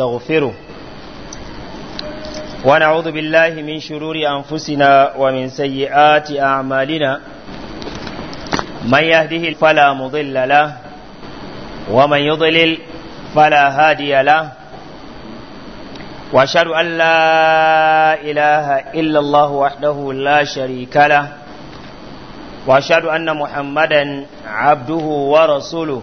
نستغفره ونعوذ بالله من شرور أنفسنا ومن سيئات أعمالنا من يهده فلا مضل له ومن يضلل فلا هادي له وأشهد أن لا إله إلا الله وحده لا شريك له وأشهد أن محمدا عبده ورسوله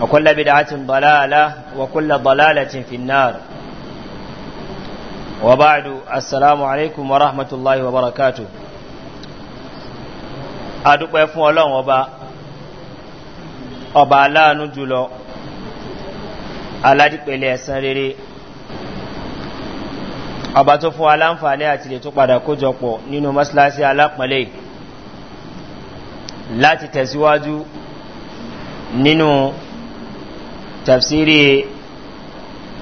وكل بدعة ضلالة وكل ضلالة في النار وبعد السلام عليكم ورحمة الله وبركاته أدوك يفو الله وبا أبا لا نجلو aládìpẹ̀ ilẹ̀ ẹ̀sán rere ọba tó fún aláǹfààní àti lè tó padà kójọpọ̀ nínú mọ́síláṣí alápọ̀lẹ̀ láti tẹ̀síwájú nínú tafsiri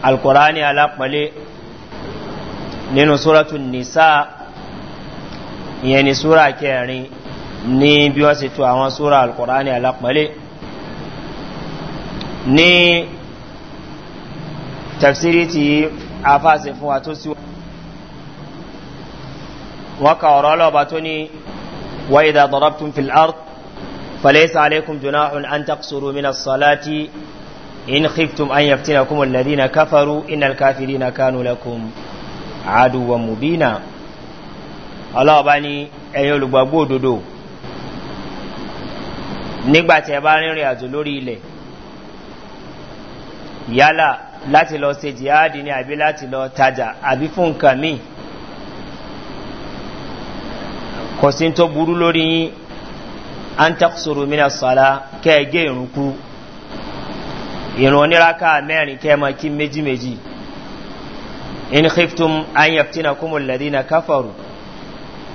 alkurani alapale nínú súratu nisa ìyẹn ni súra kẹrin ní bí wọ́n sì tu àwọn súra alkurani alapale ní tafsiri ti afáàsì fún wa tó sí wọ́n ka ọ̀rọ̀ ọlọ́ọ̀bá tó ní wa idà dọ̀rọ̀tún fil art falaisa alaikum junahun an taqsuru min as-salati in khiftum an yaftinakum alladhina kafaru innal kafirina kanu lakum aduwwan mubina Allah ba ni ẹ̀yin olùgbàgbọ́ òdodo nígbà tí ẹ bá rìnrìn àjò lórí ilẹ̀ yálà láti lọ ṣe jihad ni àbí láti lọ tajà àbí fún nǹkan míì kò sí tó burú lórí an taqsuru min as-sala kẹ́ ẹ gé ìrìn oníraka mẹ́rin kẹ́mọ̀ kí méjì méjì in khiftum an yaftina kumul ladina kafaru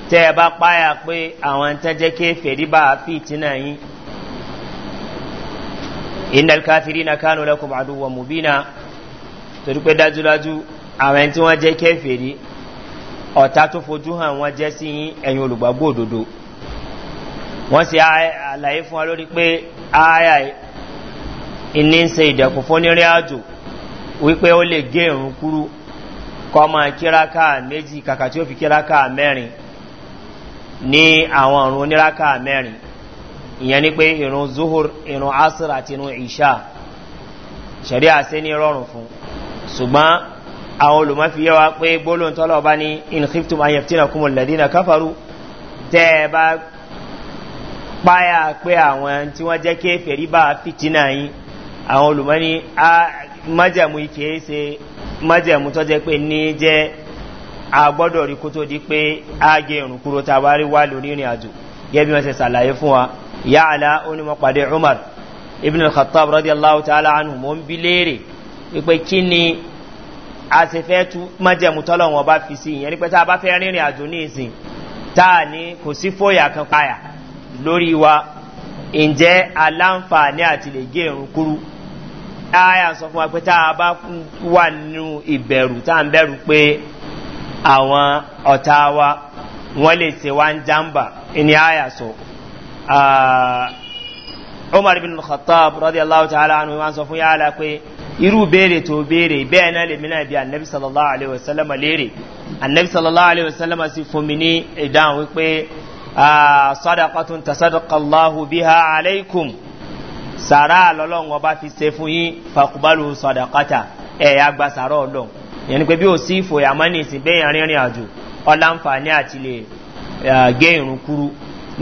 tẹ́ ẹ bá páyà pé àwọn tẹ́jẹ́ kéfèrí bá fi tínà yín innal kafirina kanu lakum aduwwa mubina torí pé dájúdájú àwọn tí wọ́n jẹ́ kéfèrí ọ̀tá tó fojú hàn wọ́n jẹ́ sí yín ẹ̀yin olùgbàgbọ́ òdodo wọ́n sì àlàyé fún wa lórí pé ààyè ìní ń se ìdẹ̀kùn fún ní ríàjò wípé ó lè gé ìrùn kúrú kọ́ máa kíráká méjì kàkà tí ó fi kíráká mẹ́rin ní àwọn ìrùn oníráká mẹ́rin ìyẹn ni pé ìrùn zuhur ìrùn asir àti ìrùn isha ṣẹ̀rí àṣẹ ní rọrùn fún ṣùgbọ́n àwọn olùmọ́fiyẹ́ wa pé gbólóhùn tọ́lọ̀ bá ní inhiptum ayeftina kumul ladina kafaru tẹ́ ẹ bá páyà pé àwọn tí wọ́n jẹ́ kéfèrí bá fitina yín àwọn olùmọ́ni a májàmú ìkèé ṣe májàmú tọ́jẹ́ pé ní jẹ́ agbọ́dọ̀ rí kó tó di pé a gé irun kúrò wà lórí ìrìn àjò gẹ́gẹ́ wọ́n ṣe ṣàlàyé fún wa yá àlá onímọ̀ umar ibn al-khattab radiyallahu ta'ala anhu mo ń bi léèrè wípé kí ni a ṣe fẹ́ tú májàmú tọ́lọ̀ wọn bá fi sí ìyẹn ní pé tá a bá fẹ́ rìnrìn àjò àti lè gé irun aya sọ fún wa pé tá a bá wà nínú ìbẹ̀rù tá à ń bẹ̀rù pé àwọn ọ̀tá wa wọ́n lè ṣe wá ń jàǹbà ní aya sọ. Ah, umar bin khattab radiyallahu ta'ala anhu wa sọ fún yàrá pé irú béèrè tó béèrè bẹ́ẹ̀ náà lèmi náà bí anabi sallallahu alayhi wa sallam léèrè anabi sallallahu alayhi wa sallam sì fún mi ní ìdáhùn wípé ah, sadaqatun tasadaqallahu biha alaykum sàrà lọ́lọ́run ọba fi ṣe fún yín fàkúbálù sọ̀dàkátà ẹ̀yà gba sàrà ọlọ́run yẹn ni pé bí ò sí ìfòyàmọ́ ní ìsìn bẹ́ẹ̀ àjò ọláǹfààní àti lè gé irun kúrú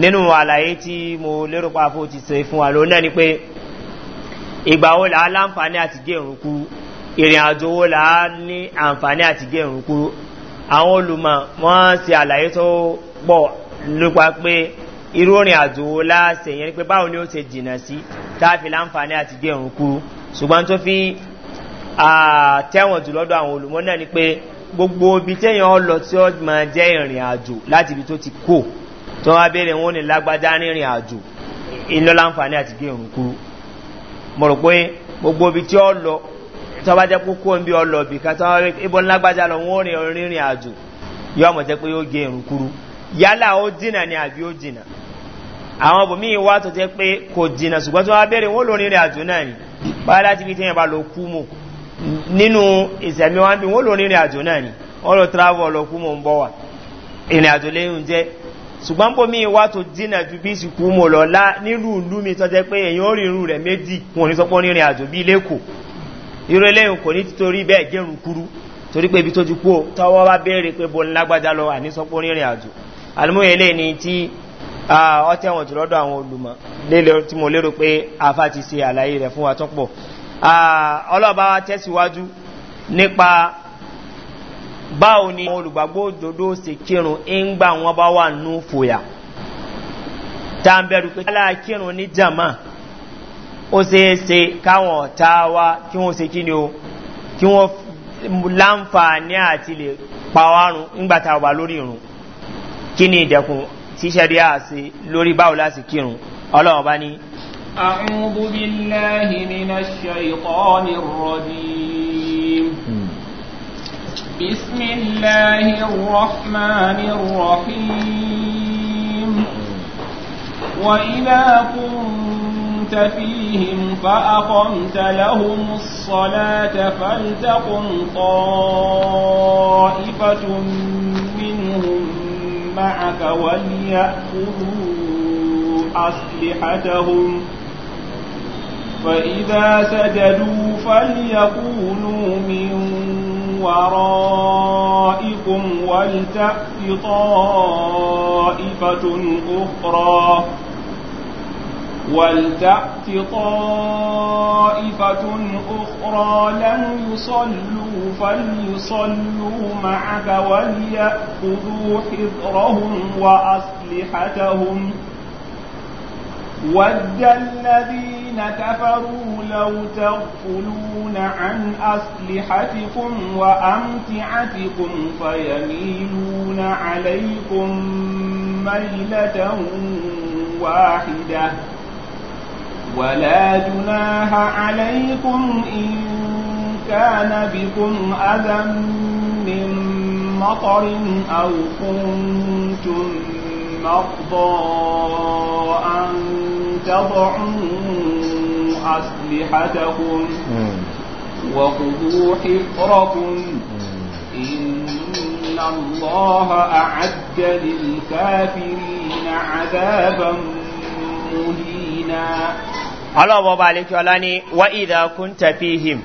nínú àlàyé tí mo lérò pa fó ti ṣe fún wa lónìí náà ni pé ìgbà wo là á láǹfààní àti gé irun kúrú ìrìn àjò wo là ní àǹfààní àti gé irun kúrú àwọn olùmọ̀ wọ́n ṣe àlàyé tó pọ̀ nípa pé irú ìrìn àjò wo láṣẹ yẹn ni pé báwo ni ó ṣe jìnnà sí. Si táàfin láǹfààní àti gé ẹ̀rùn kú ṣùgbọ́n tó fi tẹ́wọ̀n jù lọ́dọ̀ àwọn olùmọ́ náà ni pé gbogbo ibi téèyàn lọ tí ó máa jẹ́ ìrìn àjò láti ibi tó ti kó tó wá béèrè wọn ní lágbájá rìnrìn àjò iná láǹfààní àti gé ẹ̀rùn kú mo rò pé gbogbo ibi tí ó lọ tó bá jẹ́ kókó ń bí ọ lọ bìkan tó wá ibọn lágbájá lọ wọn rìn rìnrìn àjò yóò mọ̀ jẹ́ pé yóò gé ẹ̀rùn kúrú yálà ó dìnà ni àbí ó dìnà àwọn bòmí wá tó jẹ́ pé kò jìnà ṣùgbọ́n tó wá bẹ̀rẹ̀ wọ́n lórí rẹ̀ àjò náà ni báyá láti fi tẹ́yìn bá lọ kú mù nínú ìsẹ̀mí wọn bí wọ́n lórí rẹ̀ àjò náà ni wọ́n lọ travel lọ kú mù ń bọ̀ wà ìrìn àjò lẹ́yìn jẹ́ ṣùgbọ́n bòmí wá tó jìnà ju bí sì kú mù lọ lá nílùú ìlú mi tó jẹ́ pé èyàn ó rìnrù rẹ̀ méjì wọn ò ní sọpọ́ rìnrìn àjò bí lẹ́kọ̀ọ́ irú eléyìn kò ní torí bẹ́ẹ̀ gẹ́rùn kúrú torí pé ibi tó ti kú tọwọ́ bá béèrè pé bo ńlágbájá lọ àníṣọpọ́ rìnrìn àjò àlùmọ́ eléyìí ni tí ọtí ah, àwọn jù lọ́dọ̀ àwọn olùmọ̀ lélẹ̀ tí mo lérò pé afá ti se àlàyé rẹ̀ fún wa tó pọ̀ ah, ọlọ́ọ̀bá wa tẹ̀síwájú nípa báwo ni àwọn olùgbàgbọ́ òdodo ṣe kírun ń gbà wọ́n bá wà nú fòyà tá à ń bẹ̀rù pé kálá kírun ní jàmá ó ṣeé ṣe káwọn ọ̀tá wa kí wọ́n ṣe kí ni o kí wọ́n láǹfààní àti lè pa wárun ńgbà tá a wà lórí irun kí ni ìdẹ̀kùn tí sẹ́rí àṣe lórí báwo láti kírun ọlọ́run bá ní. أعوذ بالله من الشيطان الرجيم بسم الله الرحمن الرحيم وإذا كنت فيهم فأقمت لهم الصلاة فلتقم طائفة منهم معك وليأخذوا أسلحتهم فإذا سجدوا فليكونوا من ورائكم ولتأت طائفة أخرى ولتأت طائفة أخرى لم يصلوا فليصلوا معك وليأخذوا حذرهم وأسلحتهم ود الذين كفروا لو تغفلون عن أسلحتكم وأمتعتكم فيميلون عليكم ميلة واحدة ولا جناح عليكم إن كان بكم أذى من مطر أو كنتم مرضى أن تضعوا أسلحتكم وخذوا حفركم إن الله أعد للكافرين عذابا مهينا ọlọ́wọ́ ọba àlekí ọlá ní wá ìdá kún him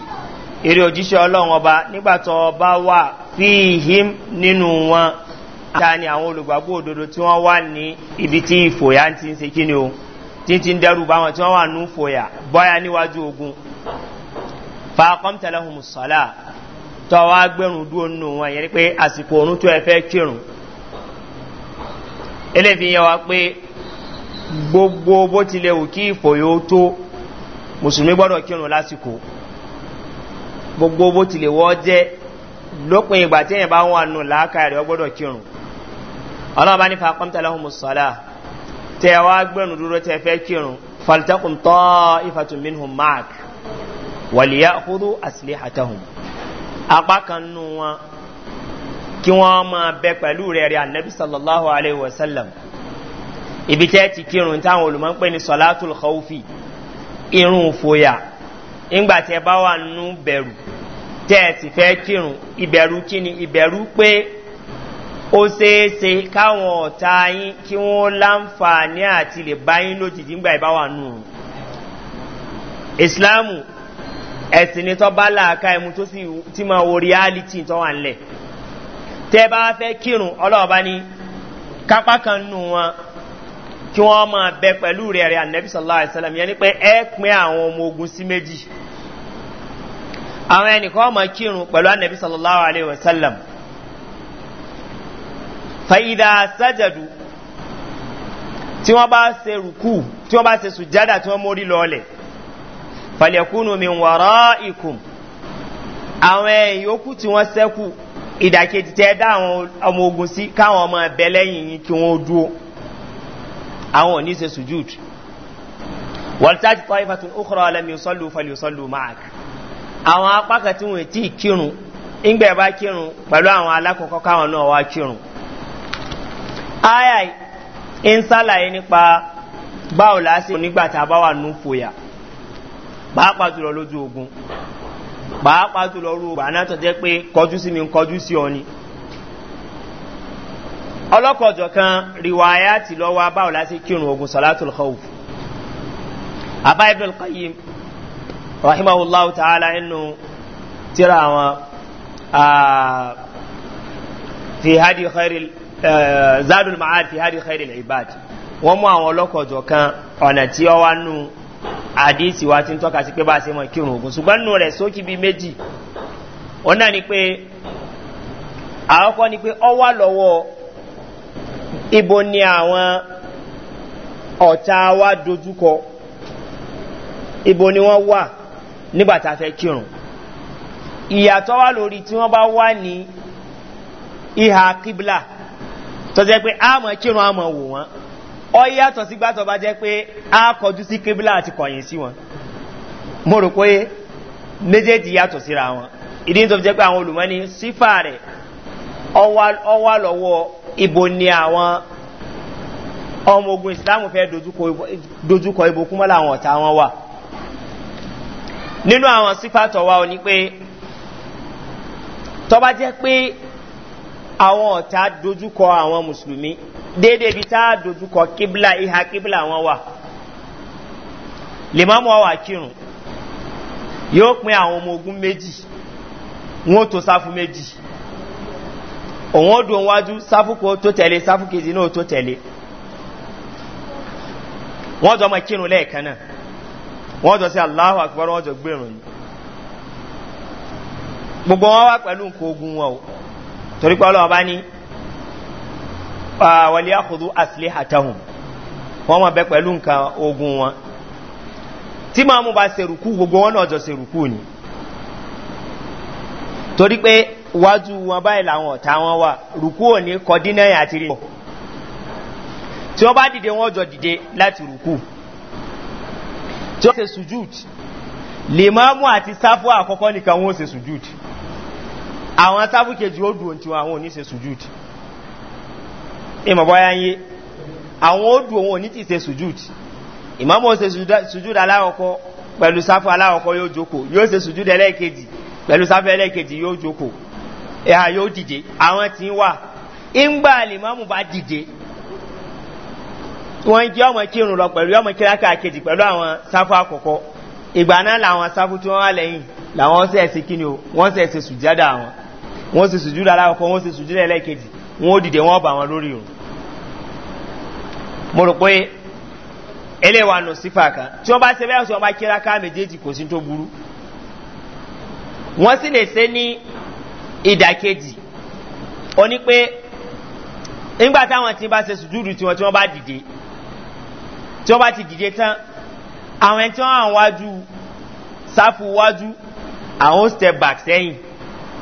eré òjíṣẹ́ ọlọ́wọ́ ọba nígbàtọ̀ ọba wà fí him nínú wọn ta ni àwọn olùgbàgbọ́ òdodo tí wọ́n wà ní ibi tí ìfòyà ti ń se kí ni o tí ti ń dẹ́rù bá wọn tí wọ́n wà ní ìfòyà bọ́yá níwájú ogun fàákọ́m tẹ̀lẹ́ hùm sọ́lá tọ́wọ́ agbẹ́rùn dúró nínú wọn yẹn pé àsìkò òrùn tó gbogbo bó tilẹ̀ wù kí ìfòyà tó mùsùlùmí gbọ́dọ̀ kírun lásìkò gbogbo bó tilẹ̀ wọ́ jẹ́ lópin ìgbà tí èèyàn bá wà nù làákàyè rẹ̀ gbọ́dọ̀ kírun ọlọ́run bá ní fa kọ́mtà lọ́hùn mùsọ̀lá tẹ ẹ wá gbẹ̀rún dúró tẹ fẹ́ kírun faltakun tọ́ ifatunminhum mark wàlíyá kúrú àsìlẹ̀ àtẹ̀hùn ibi tẹ́ ti kírun táwọn olùmọ̀ ń pè ní khawfi irun fòyà ńgbà tẹ bá wà nù bẹ̀rù tẹ́ ẹ sì fẹ́ kírun ìbẹ̀rù kí ni ìbẹ̀rù pé ó ṣeéṣe káwọn ọ̀tá yín kí wọ́n láǹfààní àti lè bá yín lójijì ńgbà ìbá wà nù ìsìláàmù ẹ̀sìn ni tọ́ bá làákà ẹ̀mú tó sì ti máa wo reality tó wà ńlẹ̀ tẹ́ bá fẹ́ kírun ọlọ́ọ̀bá ni kápá nù wọn kí wọ́n máa bẹ pẹ̀lú rẹ̀ rẹ̀ ànẹ́bí sọ̀lá àìsàlẹ̀m yẹn ni pé ẹ pín àwọn ọmọ ogun sí méjì àwọn ẹnìkan máa kírun pẹ̀lú ànẹ́bí sọ̀lá àìsàlẹ̀m fàyídà sájàdù tí wọ́n bá ṣe rùkú tí wọ́n bá ṣe sùjádà tí wọ́n mórí lọ́ọ̀lẹ̀ fàlẹ̀kúnnù mi wọ̀rọ̀ ikùn àwọn ìyókù tí wọ́n ìdàkejì tẹ́ àwọn ọmọ ogun sí káwọn ọmọ ẹ̀bẹ̀ lẹ́yìn yìí kí wọ́n dúró àwọn n'i se sujud wàlítàjì tọ́ífà tún ó kọ́rọ̀ alẹ́mi sọ́lù fọlù sọ́lù mark àwọn apákà tí wọ́n ti kírun ìgbẹ̀ bá kírun pẹ̀lú àwọn alákọ̀ọ́kọ́ káwọn náà wá kírun ayai ń sálàyé nípa báwo lásìkò nígbà tá a bá wà nù ogun pàápàá jùlọ rú ọgbà náà tó jẹ́ pé kọjú mi ọlọ́kọ̀ọ̀jọ̀ kan riwaya ti lọ wá báwo láti kírun ogun salatul khawf abba ibn al-qayyim rahimahullahu ta'ala inú tíra àwọn fi hadi khairil zadul ma'ad fi hadi khairil ibad wọ́n mú àwọn ọlọ́kọ̀ọ̀jọ̀ kan ọ̀nà tí ọ wá nù àdíìsì wa ti ń tọ́ka sí pé bá a mọ̀ kírun ogun ṣùgbọ́n nù rẹ̀ sókè bíi méjì ọ̀nà ni pé àkọ́kọ́ ni pé ọ wá lọ́wọ́ ibo ni àwọn ọ̀tá wa dojúkọ ibo ni wọ́n wà nígbàtà fẹ́ kírun ìyàtọ̀ wà lórí tí wọ́n bá wà ní ìhà kíbla tó jẹ́ pé àmọ̀ kírun àmọ̀ wò wọ́n ọ yàtọ̀ sí gbàtọ̀ bá jẹ́ pé a kọjú sí kíbla àti kọ̀yìn sí wọn mo rò pé méjèèjì yàtọ̀ síra wọn ìdí tó jẹ́ pé àwọn olùmọ́ni sífà rẹ̀ ọwà lọ́wọ́ ibo ni àwọn ọmọ ogun islam fẹ́ dojúkọ ibo kúmọ́ làwọn ọ̀tá wọn wà nínú àwọn sífàtọ̀ wa ò ní pé tọ́ba jẹ́ pé àwọn ọ̀tá dojúkọ àwọn mùsùlùmí déédéé ibi tá a dojúkọ kíbla ìhà kíbla wọn wà lè má mú ọ wà kírun yóò pin àwọn ọmọ ogun méjì wọn tó sáfù méjì. òun ó dùn wájú sáfùkù tó tẹ̀lé sáfùkejì náà tó tẹ̀lé wọ́n jọ ma kírun lẹ́ẹ̀kan náà wọ́n jọ sí aláhù àkùbọ́n wọ́n jọ gbèrò ní gbogbo wọn wá pẹ̀lú nǹkan ogun wọn o torí pé ọlọ́ọ̀bá ní wọlé àkùdú àsìlẹ̀ àtàhùn wọ́n mọ̀ bẹ́ pẹ̀lú nǹkan ogun wọn tí màmú bá serùkú gbogbo wọn náà jọ serùkú ni torí pé wájú wọn báyìí làwọn ọ̀tá wọn wà rùkú òní kọdínẹ́yìn àti rí tí wọ́n bá dìde wọ́n jọ dìde láti rùkú tí wọ́n ṣe sùjúùtì lèmọ́mù àti sáfù àkọ́kọ́ nìkan wọ́n ṣe sùjúùtì àwọn sáfù kejì ó dùn tí àwọn òní ṣe sùjúùtì ìmọ̀bọ́yá ń yé àwọn ó dùn òun òní ti ṣe sùjúùtì ìmọ̀mù ó ṣe sùjúùtì aláwọ̀kọ́ pẹ̀lú sáfù aláwọ̀kọ́ yóò jókòó yóò ṣe sùjúùtì ẹlẹ́ẹ̀kejì pẹ̀lú sáfù ẹlẹ́ẹ̀kejì yóò jókòó ẹ̀hà yóò dìde àwọn tí ń wà ńgbà àlèmọ́mù bá dìde wọ́n jẹ́ ọmọ kírun lọ pẹ̀lú ọmọ kíláka kejì pẹ̀lú àwọn sáfù àkọ́kọ́ ìgbà náà làwọn sáfù tí wọ́n wà lẹ́yìn làwọn sẹ̀sì kíni o wọ́n sẹ̀sì sùjádà wọn wọ́n sì sùjúdà aláwọ̀kọ́ wọ́n sì sùjúdà ẹlẹ́kejì wọ́n dìde wọ́n bà wọn lórí o mo rò pé eléwà nù sífà kan tí wọ́n bá ṣe bẹ́ẹ̀ sọ ọmọ kíláka méjèèjì kò sí tó burú wọ́n sì lè ṣe ní ìdàkejì ó ní pé nígbà táwọn tí bá ṣe sùdúrù tiwọn tí wọ́n bá dìde tí wọ́n bá ti dìde tán àwọn ẹni tí wọ́n wà wájú sáfù wájú àwọn step back sẹ́yìn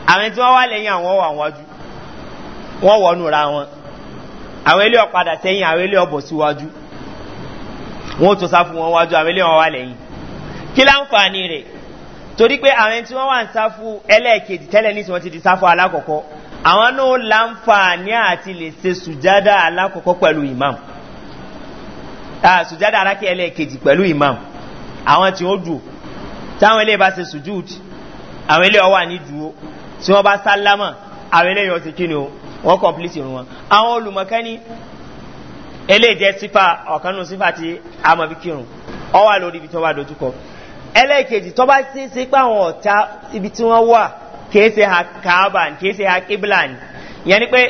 àwọn ẹni tí wọ́n wà lẹ́yìn àwọn wà wájú wọ́n wọnú ra wọn àwọn ilé ọ̀padà sẹ́yìn àwọn ilé ọ̀bọ̀ síwájú wọ́n tó sáfù wọn wájú àwọn ilé wọn wà lẹ́yìn kí láǹfààní rẹ̀ torí pé àwọn tí wọ́n wà ń sáfù ẹlẹ́ẹ̀kejì tẹ́lẹ̀ ní tí wọ́n ti di sáfù alákọ̀ọ́kọ́ àwọn náà láǹfààní àti lè ṣe sùjádà alákọ̀ọ́kọ́ pẹ̀lú imam sùjádà alákẹ́ ẹlẹ́ẹ̀kejì pẹ̀lú imam àwọn tí ó dùn táwọn ilé bá ṣe sùjúd àwọn ilé ọwà ní dúró tí wọ́n bá sálámà àwọn ilé yọ̀ọ́ ti kí ni o wọ́n kọ̀m̀plìtì wọn àwọn olùmọ̀kẹ́ni eléjẹ́ sífà ọ̀kanú sífà tí a mọ̀ fi kírun ọwà lórí ibi tí wọ́n bá dojúkọ ẹlẹ́ẹ̀kejì tọ́ bá ṣe ṣe pé àwọn ọ̀tá ibi tí wọ́n wà kìí ṣe ha kaaba kìí ṣe ha kibla ni ìyẹn ni pé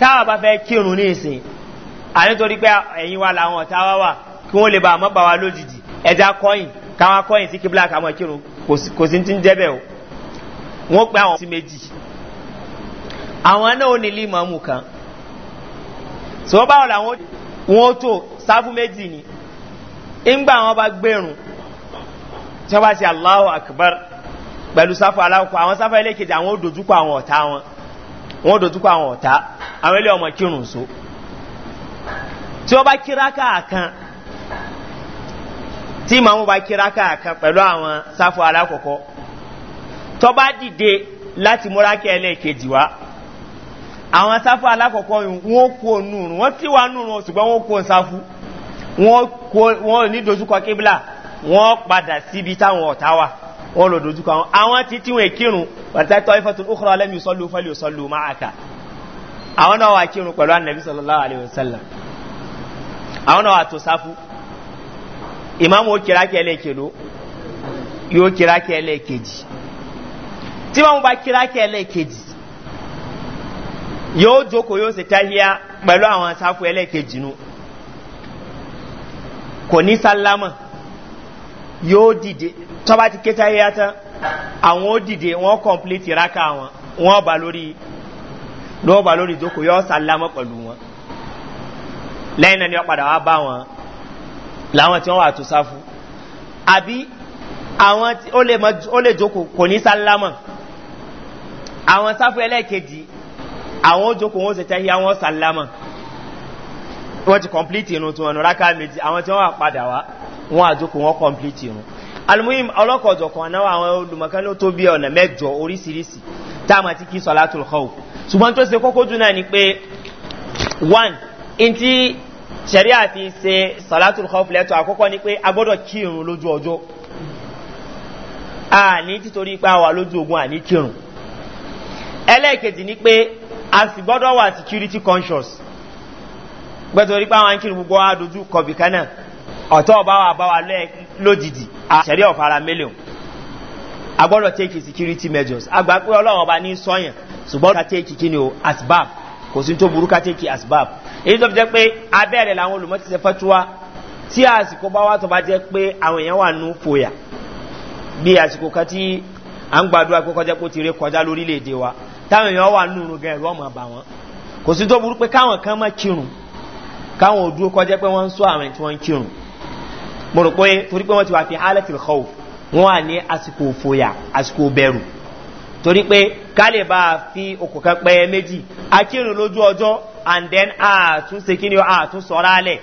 táwa bá fẹ́ kírun ní ìsìn ànítorí pé ẹ̀yin wa làwọn ọ̀tá wa wà kí wọ́n lè bá àmọ́ bá wa lójijì ẹja kọ́yìn káwọn akọ́yìn sí kibla káwọn kírun kò sí ti ń jẹ́ o wọ́n pé àwọn sí méjì àwọn náà ò ní ilé ìmọ̀ọ́mù kan tí wọ́n bá wọ̀ làwọn wọ́n tó sáfù méjì ni ńgbà wọn bá gbẹ̀rùn tí wọ́n bá ṣe allahu akbar pẹ̀lú sáfà aláwọ̀kọ́ àwọn sáfà ilé kejì àwọn òdòjúkọ àwọn ọ̀tá wọn wọn òdòjúkọ àwọn ọ̀tá àwọn ilé ọmọ kírun so tí wọ́n bá kíra káàkan tí màmú bá kíra káàkan pẹ̀lú àwọn sáfà aláwọ̀kọ́ tó bá dìde láti múra kí ẹlẹ́ẹ̀kejì wá àwọn sáfù alákọ̀ọ́kọ́ wọn kú onúurun wọn tí wàá núurun ṣùgbọ́n wọn kú onsáfù wọn ní dojúkọ kébìlà wọ́n padà síbi táwọn ọ̀tá wà wọ́n lò dojúkọ àwọn àwọn tí tí wọ́n kírun pàtàkì ìfẹ́tún ó kọ́ra lẹ́mí sọ́lú fẹ́lú sọ́lú máa kà àwọn náà wà kírun pẹ̀lú ànàbí sọ́lọ́lá àlẹ́wọ̀sẹ́lá àwọn náà wà tó sáfú ìmáàmù ó kíra kí ẹlẹ́kẹ̀ló yóò kíra kí ẹlẹ́kẹ̀jì tí wọ́n bá kíra kí ẹlẹ́kẹ̀jì yóò jókòó yóò sì táhíá pẹ̀lú àwọn sáfú ẹlẹ́kẹ̀jì nù kò ní sálámà yóò dìde tọ́ba ti kéta yá tán àwọn ó dìde wọ́n kọ́ńpìlìtì rákà wọn wọ́n bá lórí lọ́wọ́ bá lórí ìjókòó yọ sálámọ́ pẹ̀lú wọn lẹ́yìn náà ni wọ́n padà wá bá wọn làwọn tí wọ́n wà tó sáfù àbí àwọn ó lè jókòó kò ní sálámọ́ àwọn sáfù ẹlẹ́ẹ̀kejì àwọn ó jókòó wọn ó sì tẹ́ wọn sálámọ́ wọ́n ti kọ́ńpìlìtì irun tí wọn nù rákà méjì àwọn tí wọ́n wà padà wá wọn àjókò wọn kọ́mplìtì run alimuhim ọlọ́kọ̀ọ̀dọ̀kan náà àwọn olùmọ̀kan ló tó bí ọ̀nà mẹ́jọ oríṣiríṣi táàmù àti kí sọlá tó lọ́wọ́ ṣùgbọ́n tó ṣe kókó jù náà ni pé one ntí sẹ̀rí àfi ṣe sọlá tó lọ́wọ́ lẹ́tọ̀ àkọ́kọ́ ni pé a gbọ́dọ̀ kí irun lójú ọjọ́ àní títorí pé a wà lójú ogun àní kírun ẹlẹ́ẹ̀kejì ni pé a sì gbọ́dọ̀ wà security conscious gbẹ́tọ̀ rí pé àwọn akírun gbogbo wa dojú ọ̀tọ́ bá wà bá wà lójijì àṣẹ̀rí ọ̀fara mílíọ̀n agbọ́dọ̀ take security measures agbà pé ọlọ́wọ́ bá ní sọ́yìn ṣùgbọ́n ká take kí ni o asbab kò sí tó burú ká take asbab èyí tó fi jẹ́ pé abẹ́rẹ̀ làwọn olùmọ́ ti ṣe fẹ́túwá tí àsìkò bá wà tó bá jẹ́ pé àwọn èèyàn wà nú fòyà bí àsìkò kan tí à ń gbàdúrà pé kọjá pé ó ti rí kọjá lórílẹ̀‐èdè wa táwọn èèyàn wà nú irun gan ẹ̀rọ ọmọ bà wọ́n kò sí tó burú pé káwọn kan mọ́ kírun káwọn ò kọjá pé wọ́n ń sọ àwọn tí wọ́n ń kírun mo rò pé torí pé wọ́n ti wà fi hálẹ́tì xọ́ọ̀ wọ́n wà ní àsìkò fòyà àsìkò bẹ̀rù torí pé kálẹ̀ bá a fi okùn kan pẹ́ méjì akírun lójú ọjọ́ and then àtúnṣe kí ni àtúnṣọ́ra alẹ̀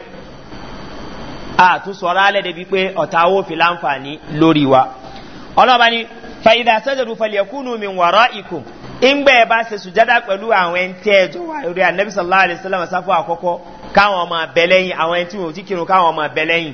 àtúnṣọ́ra alẹ̀ débi pé ọ̀tá owó fi láǹfààní lórí wa ọlọ́ba ni fàyídà sẹ́jọ̀dù fàlẹ́kùnù mi wọ̀rọ̀ ikùn ìgbẹ́ bá ṣe sùjádà pẹ̀lú àwọn ẹni tẹ́ ẹjọ́ wà lórí anabi sallallahu alayhi àkọ́kọ́ káwọn ọmọ abẹ́lẹ́yìn àwọn ẹni tí wọn ò kírun káwọn ọmọ abẹ́lẹ́yìn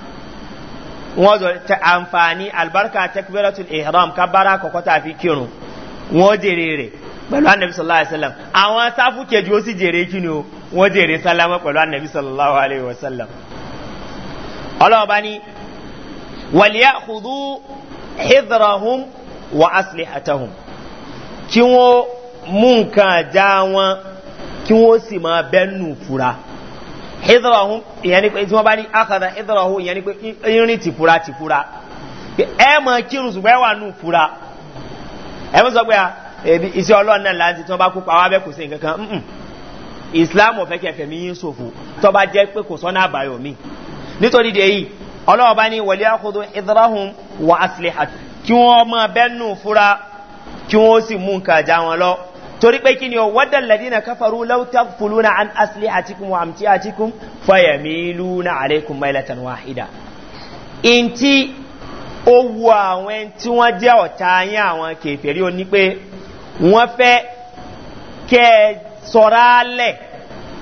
wọ́n zọ ta àǹfààní albarka takbiratul ihram kábàrà kọ̀kọ́ tá a fi kírun wọ́n jèrè rẹ̀ pẹ̀lú anabi sallallahu alayhi wa sallam àwọn sáfù kejì ó sì jèrè kí o wọ́n jèrè sálámà pẹ̀lú anabi sallallahu alayhi wa sallam. ọlọ́ọ̀bá ni wàlíyà kudu hidrahum wa asli atahum kí wọ́n mú nǹkan já wọn kí wọ́n sì máa bẹ́nu fura hidrahum yani ni pé tí wọ́n bá ní akada hidrahum ìyẹn ni pé irin tìfura tìfura ẹ mọ kírun ṣùgbọ́n ẹ wà nù fura ẹ mọ sọ pé ẹbí ah, iṣẹ́ ọlọ́run náà láti tí wọ́n bá pa wá bẹ́ẹ̀ kò sí nǹkan kan islam ọ̀fẹ́ kẹfẹ́ mi yín ṣòfò tó bá jẹ́ pé kò sọ́nà àbáyọ̀ mi nítorí dé yìí ọlọ́run bá ní wọlé àkóso hidrahum wa aslihat, sílẹ̀ àti kí wọ́n fura kí wọ́n sì mú nǹkan àjà wọn lọ́ọ́ torí pé kí ni ọ wọ́dà lẹ́dínà káfàrú lọ́tà fúlúnà an asìlẹ̀ àtikún wa àmì àtikún fàyàmílú na àríkùn mailatan wahida in tí ó wu àwọn tí wọ́n jẹ́ ọ̀tá ayé àwọn kèfèrí oní pé wọ́n fẹ́ kẹ́ sọ́ra lẹ̀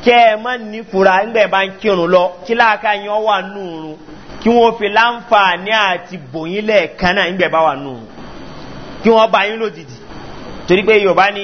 kẹ́ ẹ má ní fura ńgbẹ̀ bá ń kírun lọ kí láàka yẹn wà nùrù kí wọ́n fi láǹfààní àti bòyìn kan náà ńgbẹ̀ bá wà nùrù kí wọ́n bá yín lòdìdì torí pé yorùbá ni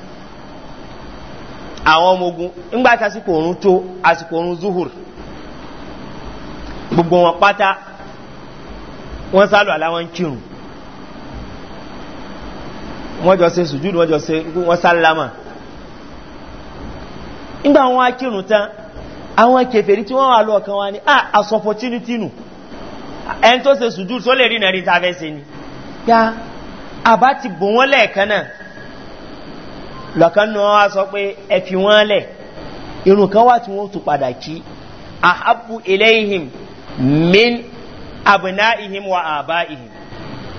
àwọn ọmọ ogun ńgbà tí òrùn tó àsìkò òrùn zuhur gbogbo wọn pátá wọn sálọ aláwọn kírun wọn jọ ṣe sùjúdù wọn jọ ṣe wọn ńgbà wọn akírun tán àwọn kẹfẹ̀rí tí wọ́n wà lọ wa ni, a tó ṣe sùjúdù tó lè rí ni ya àbá ti bò lọ́kàn náà wá sọ pé ẹ wọ́n lẹ̀ irun kan wá tí wọ́n tún padà kí ahabu iléyìn min abuná ihim wa àbá ihim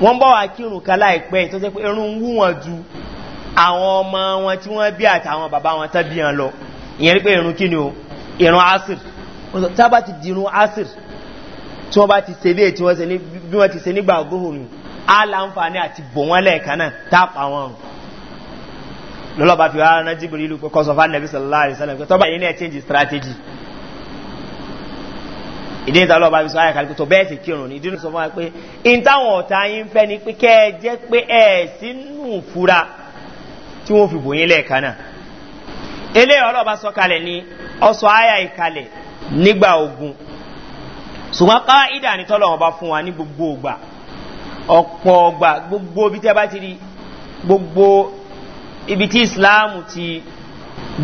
wọ́n bọ́ wá kí irun kan láìpẹ́ tó ṣe pé irun ń wú wọn ju àwọn ọmọ wọn tí wọ́n bí àtàwọn bàbá wọn tán bí lọ ìyẹn pé irun kí ni o irun asir tá bá ti di irun asir tí wọ́n bá ti ṣe bí wọ́n ti ṣe nígbà gbóhùn a láǹfààní àti bò wọ́n lẹ́ẹ̀kan náà tá wọn rùn lọ́lọ́ba fi wá rán jibrilu pé kọ́sọ̀fà nàbí sallallahu alayhi sallam pé tọ́ba change strategy ìdí níta lọ́ba fi sọ ayé kàlùkù tó bẹ́ẹ̀ sì kírun ní ìdí níta sọ fún wa pé in táwọn ọ̀tá yín fẹ́ ni pé kẹ́ ẹ ni ọsọ ayé ìkalẹ̀ nígbà ogun ṣùgbọ́n ká ìdá ni tọ́lọ̀ ọba fún wa ní gbogbo ògbà ọ̀pọ̀ ọgbà gbogbo ibi tí ìsìláàmù ti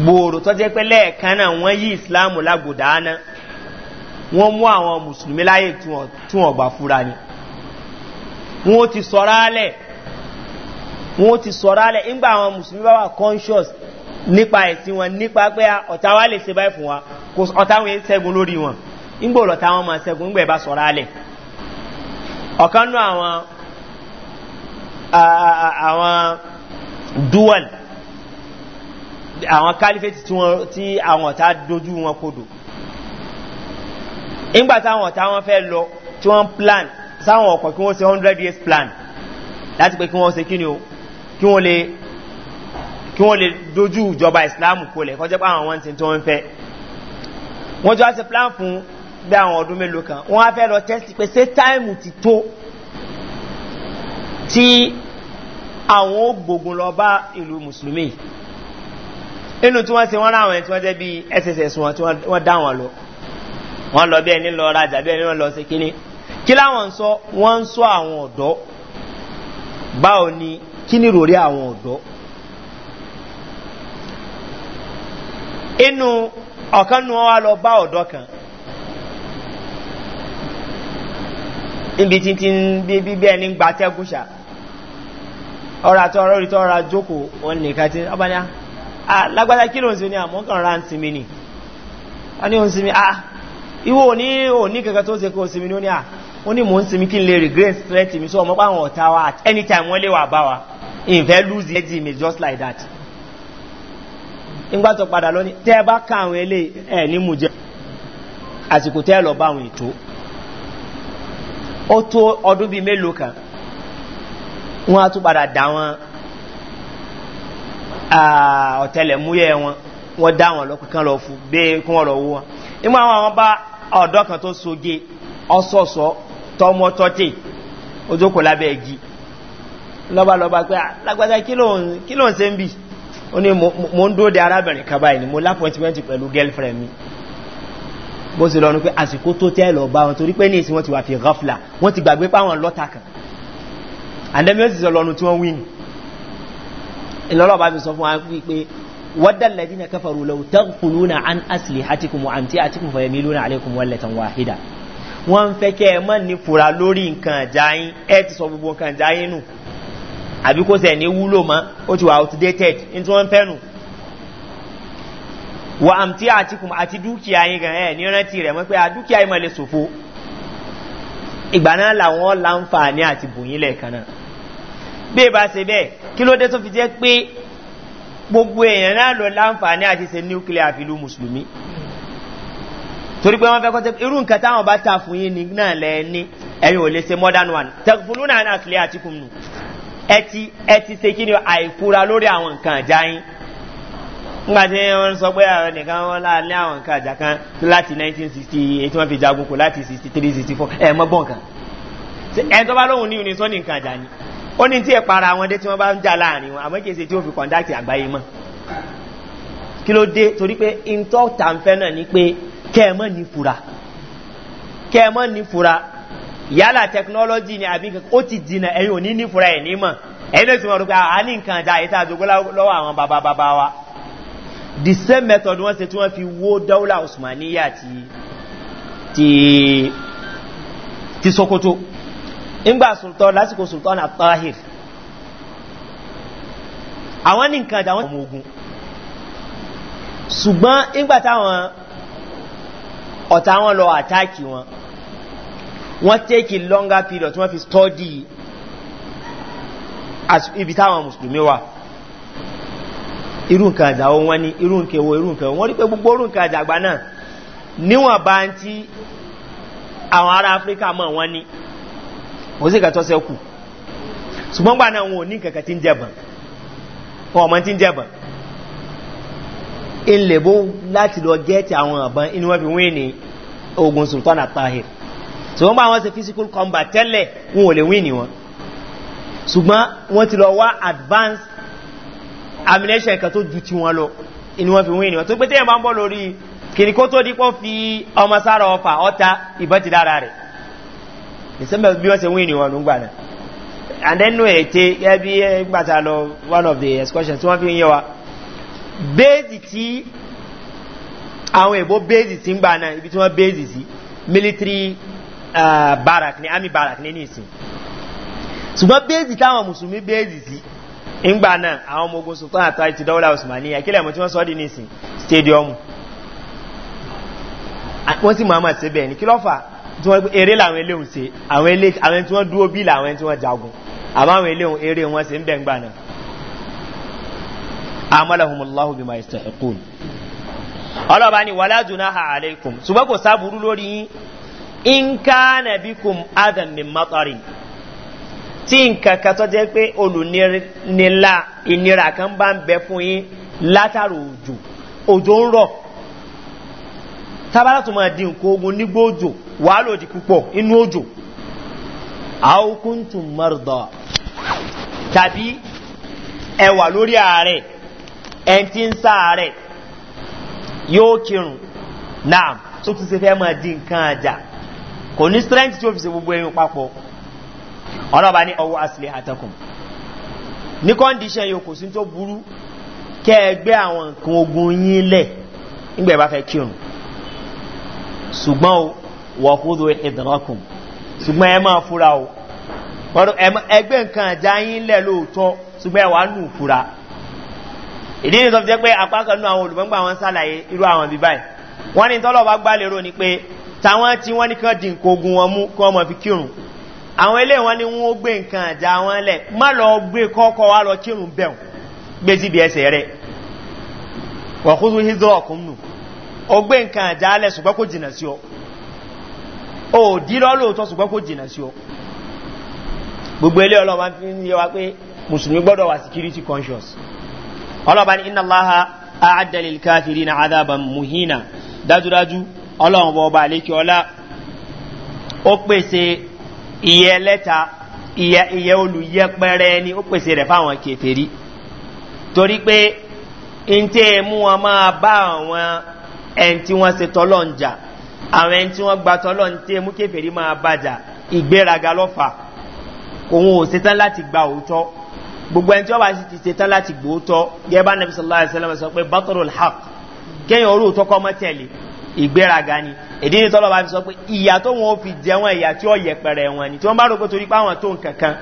gbòòrò tọ́jẹ́ pé lẹ́ẹ̀kan náà wọ́n yí ìsìláàmù lágbòdáná wọ́n mú àwọn mùsùlùmí láyè tí wọ́n gbà fúra ni wọ́n ti sọ̀rọ̀ alẹ̀ wọ́n ti sọ̀rọ̀ alẹ̀ nígbà àwọn mùsùlùmí bá wà conscious nípa ẹ̀sìn wọn nípa pé ọ̀tá wa lè ṣe báyìí fún wa kò ọ̀tá wọn ń ṣẹ́gun lórí wọn nígbà ọ̀lọ́ta wọn máa ṣẹ́gun nígbà ẹ̀ bá sọ̀rọ̀ alẹ̀ ọ̀kan nú àwọn àwọn dual àwọn kálífẹ́tì tí àwọn ọ̀tá dojú wọn kodò nígbà táwọn ọ̀tá wọn fẹ́ lọ tí wọ́n plan sáwọn ọkọ̀ kí wọ́n se 100 years plan láti pé kí wọ́n se kíni o kí wọ́n lè kí wọ́n lè dojú ìjọba ìsìláàmù kolẹ̀ kọjá pé àwọn wọn ti tó ń fẹ́ wọ́n jọ ṣe plan fún bí àwọn ọdún mélòó kan wọ́n á fẹ́ lọ tẹ́sí pé ṣé táìmù ti tó àwọn ó gbógun lọ bá ìlú mùsùlùmí inú tí wọ́n ti wọ́n ráwọn tí wọ́n jẹ́ bí sss wọn tí wọ́n dá wọn lọ wọ́n lọ bí ẹni lọ rajà bí ẹni lọ ṣe kíní kí láwọn ń sọ wọ́n ń sọ àwọn ọ̀dọ́ báwo ni kí rò rí àwọn ọ̀dọ́ inú ọ̀kan nu wọn lọ bá ọ̀dọ́ kan níbi títí bí ẹni ń gbatẹ́gùn ṣáà ọ̀rọ̀ àti ọ̀rọ̀ orí tọ́ra jókòó wọn nìkan tí ọba ní lágbádá kí ló ń sinmi àmọ́ kàn ra ń sinmi ni ó ń sinmi ah ìwọ òní òní kankan tó ṣe kó sinmi ni ó ní à ó ní mò ń sinmi kí n lè regret so ọmọ pa àwọn ọ̀tá wa at any time wọ́n lè lose the exit just like that nígbà tó padà lọ ní tẹ́ ẹ bá ká àwọn eléyìí ẹ̀ ní mú ọdún bíi mélòó kan wọ́n á tún padà dá wọn ọ̀tẹlẹ̀múyẹ wọn wọ́n dá wọn lọ́kùnkán lọ fún bẹ́ẹ̀ kí wọ́n lọ wó wọn nígbà wọn àwọn bá ọ̀dọ́ kan tó soge ọ̀sọ̀ọ̀sọ̀ tọmọtọ́tẹ̀ ojókòó lábẹ́ ẹ̀gì lọ́balọ́ba pé lágbàdá kí ló ń se ń bì ó ní mo ń dóde arábìnrin kan báyìí ni mo lápọ̀ntìmẹ́ntì pẹ̀lú girlfriend mi bó sì lọ́nu pé àsìkò tó tẹ́ lọ bá wọn torí pé ní ìsìn wọn ti wà fi rọ́fìlà wọ́n ti gbàgbé páwọn lọ́ta kan àdẹ́mi ó sì sọ lọ́nu tí wọ́n wí ni ìlọ́lọ́ bá fi sọ fún wa pé wadalla dina kafaru lau tagfuluna an asli hatikum wa amti atikum fa yamiluna alaykum wallatan wahida wọ́n fẹ́ kẹ́ ẹ mọ́ ní fura lórí nǹkan jayin ẹ ti sọ gbogbo nǹkan jayin nù àbí kò sẹ̀ ní wúlò mọ́ ó ti wà outdated ní tí wọ́n fẹ́ nù wa amti atikum àti dúkìá yín gan ẹ ní rántí rẹ̀ mọ́ pé a dúkìá yín mọ́ lè bí ẹ bá ṣe bẹ́ẹ̀ kí ló dé tó fi jẹ́ pé gbogbo èèyàn náà lọ láǹfààní àti ṣe nuclear fìlú mùsùlùmí torí pé wọ́n fẹ́ kọ́ irú nǹkan táwọn bá ta fún yín náà lẹ́ni ẹ̀yin ò lè ṣe modern one tẹ̀kùfúlù náà náà clear àti kùnú ẹ ti ẹ ti ṣe kí ni àìkúra lórí àwọn nǹkan àjá yín nígbà tí wọ́n sọ pé àwọn nìkan wọ́n láàlẹ́ àwọn nǹkan àjà kan láti 1968 wọ́n fi jagun kù láti 63 64 ẹ̀ mọ́ gbọ̀ǹkan ẹ̀ tó bá lóhùn ní unisọ́nì nǹkan àjà ni ó ní tí ẹ para wọn dé tí wọ́n bá ń jà láàrin wọn àmọ́ kìí ṣe tí ó fi kọ̀ǹdáàtì àgbáyé mọ́ kí ló dé torí pé ìntọ́ tà ń fẹ́ náà ni pé kẹ́ẹ̀mọ́ ní fura kẹ́ẹ̀mọ́ ní fura yálà tẹkinọ́lọ́jì ni àbí ó ti dìnà ẹ̀yìn òní ní fura ẹ̀ nímọ̀ ẹ̀yìn lẹ́sìn wọn rò pé ah, a ní nǹkan àjà àyíká àjogún lọ́wọ́ àwọn bàbá bàbá wa the same method wọ́n ṣe tí wọ́n fi wó dáúlà usmaniya ti ti ti sokoto ngba sultan lásìkò sultan atahir àwọn ní nǹkan nkanda ọmọ ogun ṣùgbọ́n ńgbà táwọn ọ̀tá wọn lọ wọn wọ́n tẹ́kì longer period wọ́n fi study ibi táwọn mùsùlùmí wà irú nǹkan àdáwọ̀ wọn ni irú nǹkan wo irú nǹkan wọ́n rí gbogbo irú nǹkan agba náà níwọ̀n bá ń tí àwọn ará áfíríkà mọ̀ wọ́n kò sí kàtọ́ sẹ́kù ṣùgbọ́n gbà náà wọn ò ní kankan tí ń jẹ̀bọ̀n wọn ọmọ tí ń jẹ̀bọ̀n ilẹ̀ bó láti lọ gẹ́ẹ̀tì àwọn ọ̀bọ̀n inú wọn fi wíìnì ogun sultan atahir ṣùgbọ́n gbà wọn ṣe physical combat tẹ́lẹ̀ wọn ò lè wíìnì wọn ṣùgbọ́n wọn ti lọ wá advance ammunition kan tó ju tiwọn lọ inú wọn fi wíìnì wọn tó pété yẹn máa ń bọ́ lórí kìnnìkó tó dípọ̀ fi ọmọ sára ọfà ọta ìbọn ti dára rẹ̀ december bí wọ́n ṣe wí ni wọn ló ń gbà náà and then wọ́n ète yẹ bí gbàtà lọ one of the excursions tí wọ́n fi ń yẹ wa bẹ́ẹ̀sì tí àwọn èbó bẹ́ẹ̀sì tí ń gbà náà ibi tí wọ́n bẹ́ẹ̀sì sí military uh, barrack ní army barrack ní nìsín ṣùgbọ́n bẹ́ẹ̀sì táwọn mùsùlùmí bẹ́ẹ̀sì sí ìgbà náà àwọn ọmọ ogun sultan àtàrí ti dọ́wọ́lá osmani àkílẹ̀ mọ̀ tí wọ́n sọ́ dì nìsín stadium wọ́n sì mọ̀ àmà ti bẹ̀ẹ̀ ní kí lọ́fà tí wọ́n eré làwọn eléhùn se àwọn ilé àwọn tí wọ́n dúró bí làwọn tí wọ́n jagun àbá àwọn eléhùn eré wọn se ń bẹ̀ náà amalahumulahu bí máa ṣe ẹ̀kọ́ ni ọlọ́ba ni wàlá dùn náà àlékún ṣùgbọ́n kò sábúrú lórí yín nǹka nàbí adam ní mọ́tọ́rì tí nǹkan kan tó jẹ́ pé olùnira ìnira kan bá ń bẹ fún yín látàrí òjò òjò ń rọ̀ tábàlá tó máa di nǹkan ogun nígbó òjò wàhálà òdì púpọ̀ inú òjò àókùntùn mọ́rọ̀dọ̀ tàbí ẹwà lórí ààrẹ ẹn tí ń sáàrẹ yóò kírun náà tó tún ṣe fẹ́ máa di nǹkan àjà kò ní strength tí ó fi ṣe gbogbo ẹyin papọ̀ ọlọ́ba ní ọwọ́ asìlẹ̀ àtẹkùn ní kọ́ndíṣẹ́ yóò kò sí tó burú kẹ́ ẹ àwọn nǹkan ogun yín lẹ̀ nígbà bá fẹ́ kírun ṣùgbọ́n o wà kúrò ìdánakùn ṣùgbọ́n ẹ máa fura o ẹgbẹ́ nǹkan àjá yín lẹ̀ lóòótọ́ ṣùgbọ́n ẹ nù fura ìdí ni tó fi jẹ́ pé apá kan nú àwọn olùgbọ́ngbà wọn sàlàyé irú àwọn bíi báyìí wọ́n ní tọ́lọ̀ bá gbá lérò ni pé táwọn tí wọ́n ní kán dín nǹkan ogun wọn mú kí wọ́n mọ̀ fi kírun àwọn ilé wọn ni wọ́n gbé nǹkan àjá wọn lẹ̀ má lọ gbé kọ́kọ́ wá lọ kírun bẹ̀rùn gbé síbi ẹsẹ̀ rẹ̀ wọ́n kúrú hídọ́ ọ̀kùnrin nù ọgbẹ́ nǹkan àjálẹ̀ ṣùgbọ́n kò jìnà sí ọ o dịrị lóòótọ́ ṣùgbọ́n kò jìnà sí ọ gbogbo ilé ọlọ́wà fi ń yẹ wa pé mùsùlùmí gbọ́dọ̀ wà security conscious ọlọ́ba ní iná láha àádẹ́lẹ̀ ní àdábà muhina dájúdájú ni mú wọn máa bá àwọn ẹni tí wọ́n ṣe tọ́lọ̀ ń jà àwọn ẹni tí wọ́n gba tọ́lọ̀ ń tẹ́ mú kéferì máa bàjà ìgbéraga lọ́fà òun ò ṣetán láti gba òótọ́ gbogbo ẹni tí wọ́n bá sì ti ṣetán láti gbòótọ́ gẹ́gẹ́ bá nàbí sọlá àṣẹlẹ̀ sọ pé bátọ́rọ̀l hàk kéèyàn orú òótọ́ kọ́ mọ́ tẹ̀lé ìgbéraga ni èdè ní tọ́lọ̀ bá fi sọ pé ìyà tó wọn ò fi jẹ wọn ìyà tí ó yẹ pẹ̀rẹ̀ wọn ni tí wọ́n bá rò torí pé àwọn tó nǹkan kan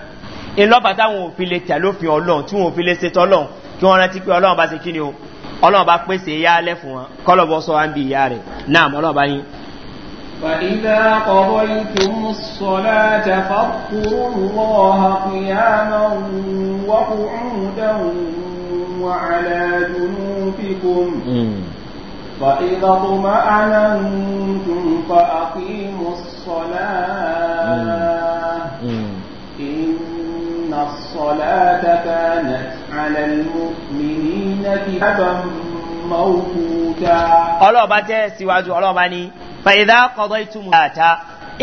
ńlọ́pàá táwọn ò fi lè tẹ̀lófin ọlọ́run tí wọn ò fi lè ṣetọ́ ọlọ́run kí wọ́n rántí pé ọlọ́run bá ṣe kí ni o ọlọ́ọ̀bá pèsè ìyá alẹ́ fún wọn kọ́lọ̀bọ́ sọ wọn bí ìyá rẹ̀ náà mọ́lọ́ọ̀bá yín. فإذا قضيتم الصلاة فاذكروا الله قياما وقعودا وعلى جنوبكم فإذا اطمأننتم فأقيموا الصلاة إن الصلاة كانت على المؤمنين ọlọ́ọ̀bá jẹ́ síwájú ọlọ́ọ̀bá ní fàyídá kọ̀dọ̀ ìtumù àtà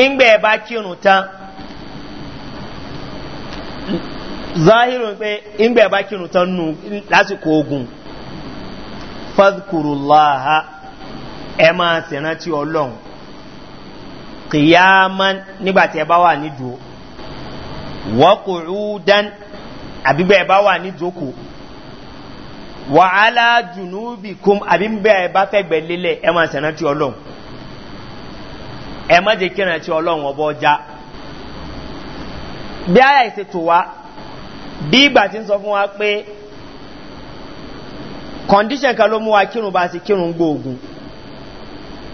ìgbẹ̀ bá kírun tán zahiru pé ìgbẹ̀ bá kírun tán nù lásìkò ogun fadkurulaha ẹ máa sẹ̀rántí ọlọ́run kìyàmá nígbàtí ẹ bá wà nídùú wọ́kùrú dán àbíbẹ̀ bá wà nídùú wàhálà junubi kum àbí ń bẹ́ẹ̀ bá fẹ́ gbẹ lélẹ̀ ẹ máa sẹ̀nà tí ọlọ́run ẹ má jẹ́ kíran tí ọlọ́run ọbọ̀ já bí àyà ìṣètò wa bí ìgbà tí ń sọ fún wa pé kan ló mú wa kírun bá ti kírun gbóògùn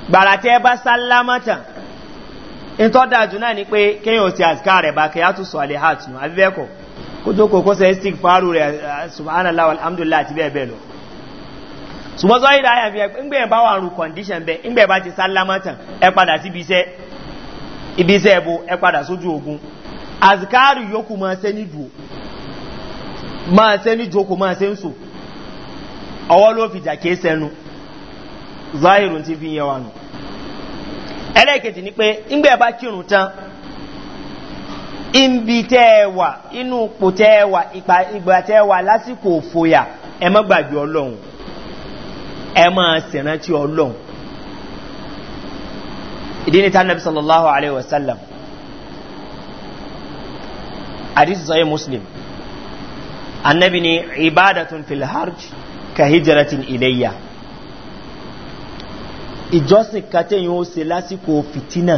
gbàrà tí ni pé kéèyàn ti rẹ̀ kó tó kò stick faru rẹ̀ subhanallah alhamdulillah àti bẹ́ẹ̀ bẹ́ẹ̀ lọ ṣùgbọ́n sọ ìdá àyàfi ẹgbẹ́ ńgbẹ́ bá wà condition bẹ́ẹ̀ ńgbẹ́ bá ti sálámọ́tàn ẹ padà sí ibi iṣẹ́ ibi iṣẹ́ ẹ padà sójú ogun azikari yòókù máa ṣe ní dùn máa ṣe ń sò ọwọ́ ló fi jà zahirun ti fi yẹ wa nù ẹlẹ́ẹ̀kejì ni pé ńgbẹ́ ìbí tẹ́ ẹ wà inú ipò tẹ́ ẹ wà ìgbà tẹ́ ẹ lásìkò òfòyà ẹ mọ́ gbàgbé ọlọ́run ẹ máa sèrántí ọlọ́run ìdí ní tánàbí sallallahu alayhi wa sallam àdìsí sọ́yẹ́ muslim annabi ni ibadatun fil harj ka hijratin ilayya ìjọsìn katẹ́yìn ó se lásìkò fitina.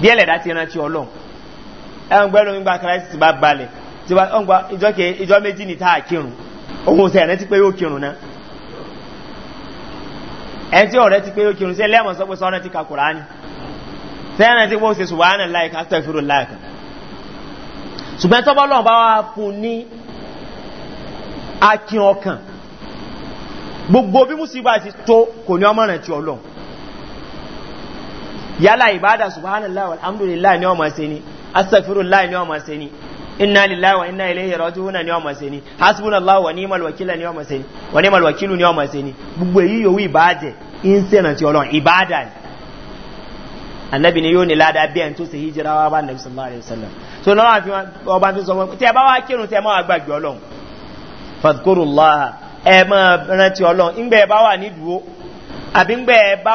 bí ẹlẹ́dá ti rántí ọlọ́run ẹ̀rùn gbẹ́rù nígbà christ bá balẹ̀ tí wọ́n gba ìjọ méjì ní tá a kírun òun sẹ̀ rántí pé yóò kírun náà ẹni tí ọ̀rẹ́ ti pé yóò kírun sí ẹlẹ́mọ̀ sọ pé sọ́ọ́rẹ́ ti ka kùránì sẹ́yìn tí wọ́n ṣe ṣùgbọ́n àná láìka tẹ̀fìrò láìka ṣùgbọ́n tọ́bọ́ lọ́n bá wá fún ní akin ọkàn gbogbo bí mùsùlùmí bá ti tó kò ní ọmọ rẹ̀ ti ọlọ́run yálà ìbádà subhanallah alhamdulillah ni ọmọ ṣe ni astagfirullah ni ọmọ ṣe ni inna lillahi wa inna ilayhi raji'un ni ọmọ ṣe ni hasbunallah wa ni'mal wakil ni ọmọ ṣe ni wa ni'mal wakil ni ọmọ ṣe ni gbogbo èyí yòówù ìbáàjẹ ń sẹ́nà tí ọlọ́run ìbáàdà ni anabi ni yóò ní ládàá bí ẹni tó ṣe hijira wa bá nàbí sallallahu alayhi wa sallam tó náà wà fi ọba tó sọ wọn tí ẹ bá wá kírun tí ẹ máa gbàgbé ọlọ́run fadkurullah ẹ máa rántí ọlọ́run ńgbẹ́ ẹ bá wà ní dúró àbí ńgbẹ́ ẹ bá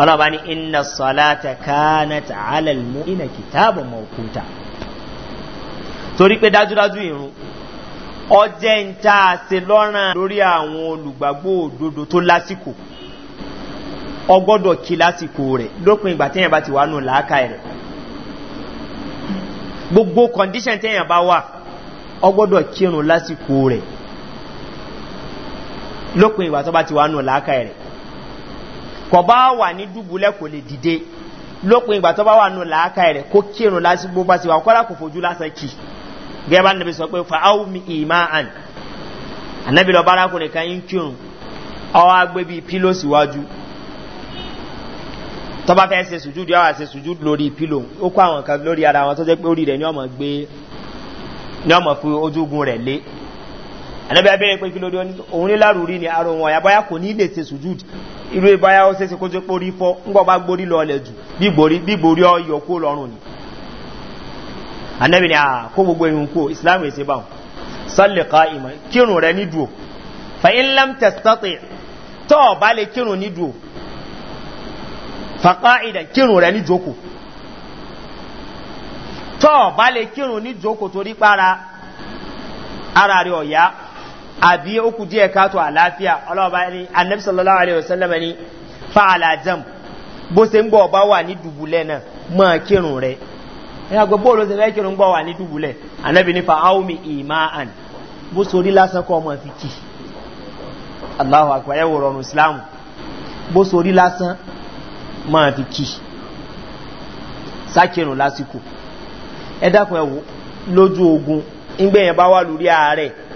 ọlọ́ba ní iná sọ́látà kánàtà alẹ́lmú iná kìtàbù mọ̀kúta torí pé dájúdájú ìrún ọjẹ́ ń tá a se lọ́ràn lórí àwọn olùgbàgbó òdodo tó lásìkò ọgọ́dọ̀ kí lásìkò rẹ̀ lópin ìgbà téèyàn bá ti wà nù làákà rẹ̀ gbogbo kọ̀ndíṣàn téèyàn bá wà ọgọ́dọ̀ kírun lásìkò rẹ̀ lópin ìgbà tó bá ti wà nù làákà rẹ̀ kò bá wà ní dùbúlẹ̀ kò lè dìde lópin ìgbà tó bá wà nù làákà rẹ̀ kó kírun lásìkò bá ti wà kọ́lá kò fojú lásán kì gẹ́gẹ́ nàbí sọ pé fa áwùmí ìmá àn ànábì lọ bára kò nìkan yín kírun ọwọ́ agbé bíi pílò síwájú tó bá fẹ́ ṣe sùjúdù yóò wá ṣe sùjúdù lórí pílò ó kó àwọn kan lórí ara wọn tó jẹ́ pé orí rẹ̀ ni ọmọ gbé ni ọmọ fi ojúgun rẹ̀ lé ànábẹ́ abẹ́rẹ́ pé kí ló dé òun ní lárùrí ni àrùn wọn àyàbáyà kò ní lè ṣe sùjúd irú ìbáyà ó ṣe kó ṣe pórí fọ́ ńgbọ́ bá gborí lọ ọlẹ̀ bí gborí lọ́rùn ni ànábẹ́ ni àkó gbogbo ìhun kó islam èsì bá wọn ìmọ̀ kírun rẹ ní dùò lam tẹ̀sítọ́tì tọ́ bá lè ní dùò rẹ bá àbí ó kù díẹ̀ káàtó àlàáfíà ọlọ́ọ̀bá ní anẹ́bísọ̀lọ́lá àríwá sẹ́lẹ̀mẹ́ ní fàálà jam bó ṣe ń gbọ́ ọba wà ní dùbúlẹ̀ náà mọ́ kírun rẹ̀ ẹ àgbẹ̀ bó ló ṣe fẹ́ kírun gbọ́ wà ní dùbúlẹ̀ anẹ́bí ní fa áwùmí ìmáàn bó sori lásán kọ́ ọmọ fi kì aláhu àpẹẹrẹ wò rọrùn islam bó sori lásán mọ́ fi kì sákìrùn lásìkò ẹ dákun ẹ wò lójú ogun ńgbẹ̀yìn bá wà lórí ààrẹ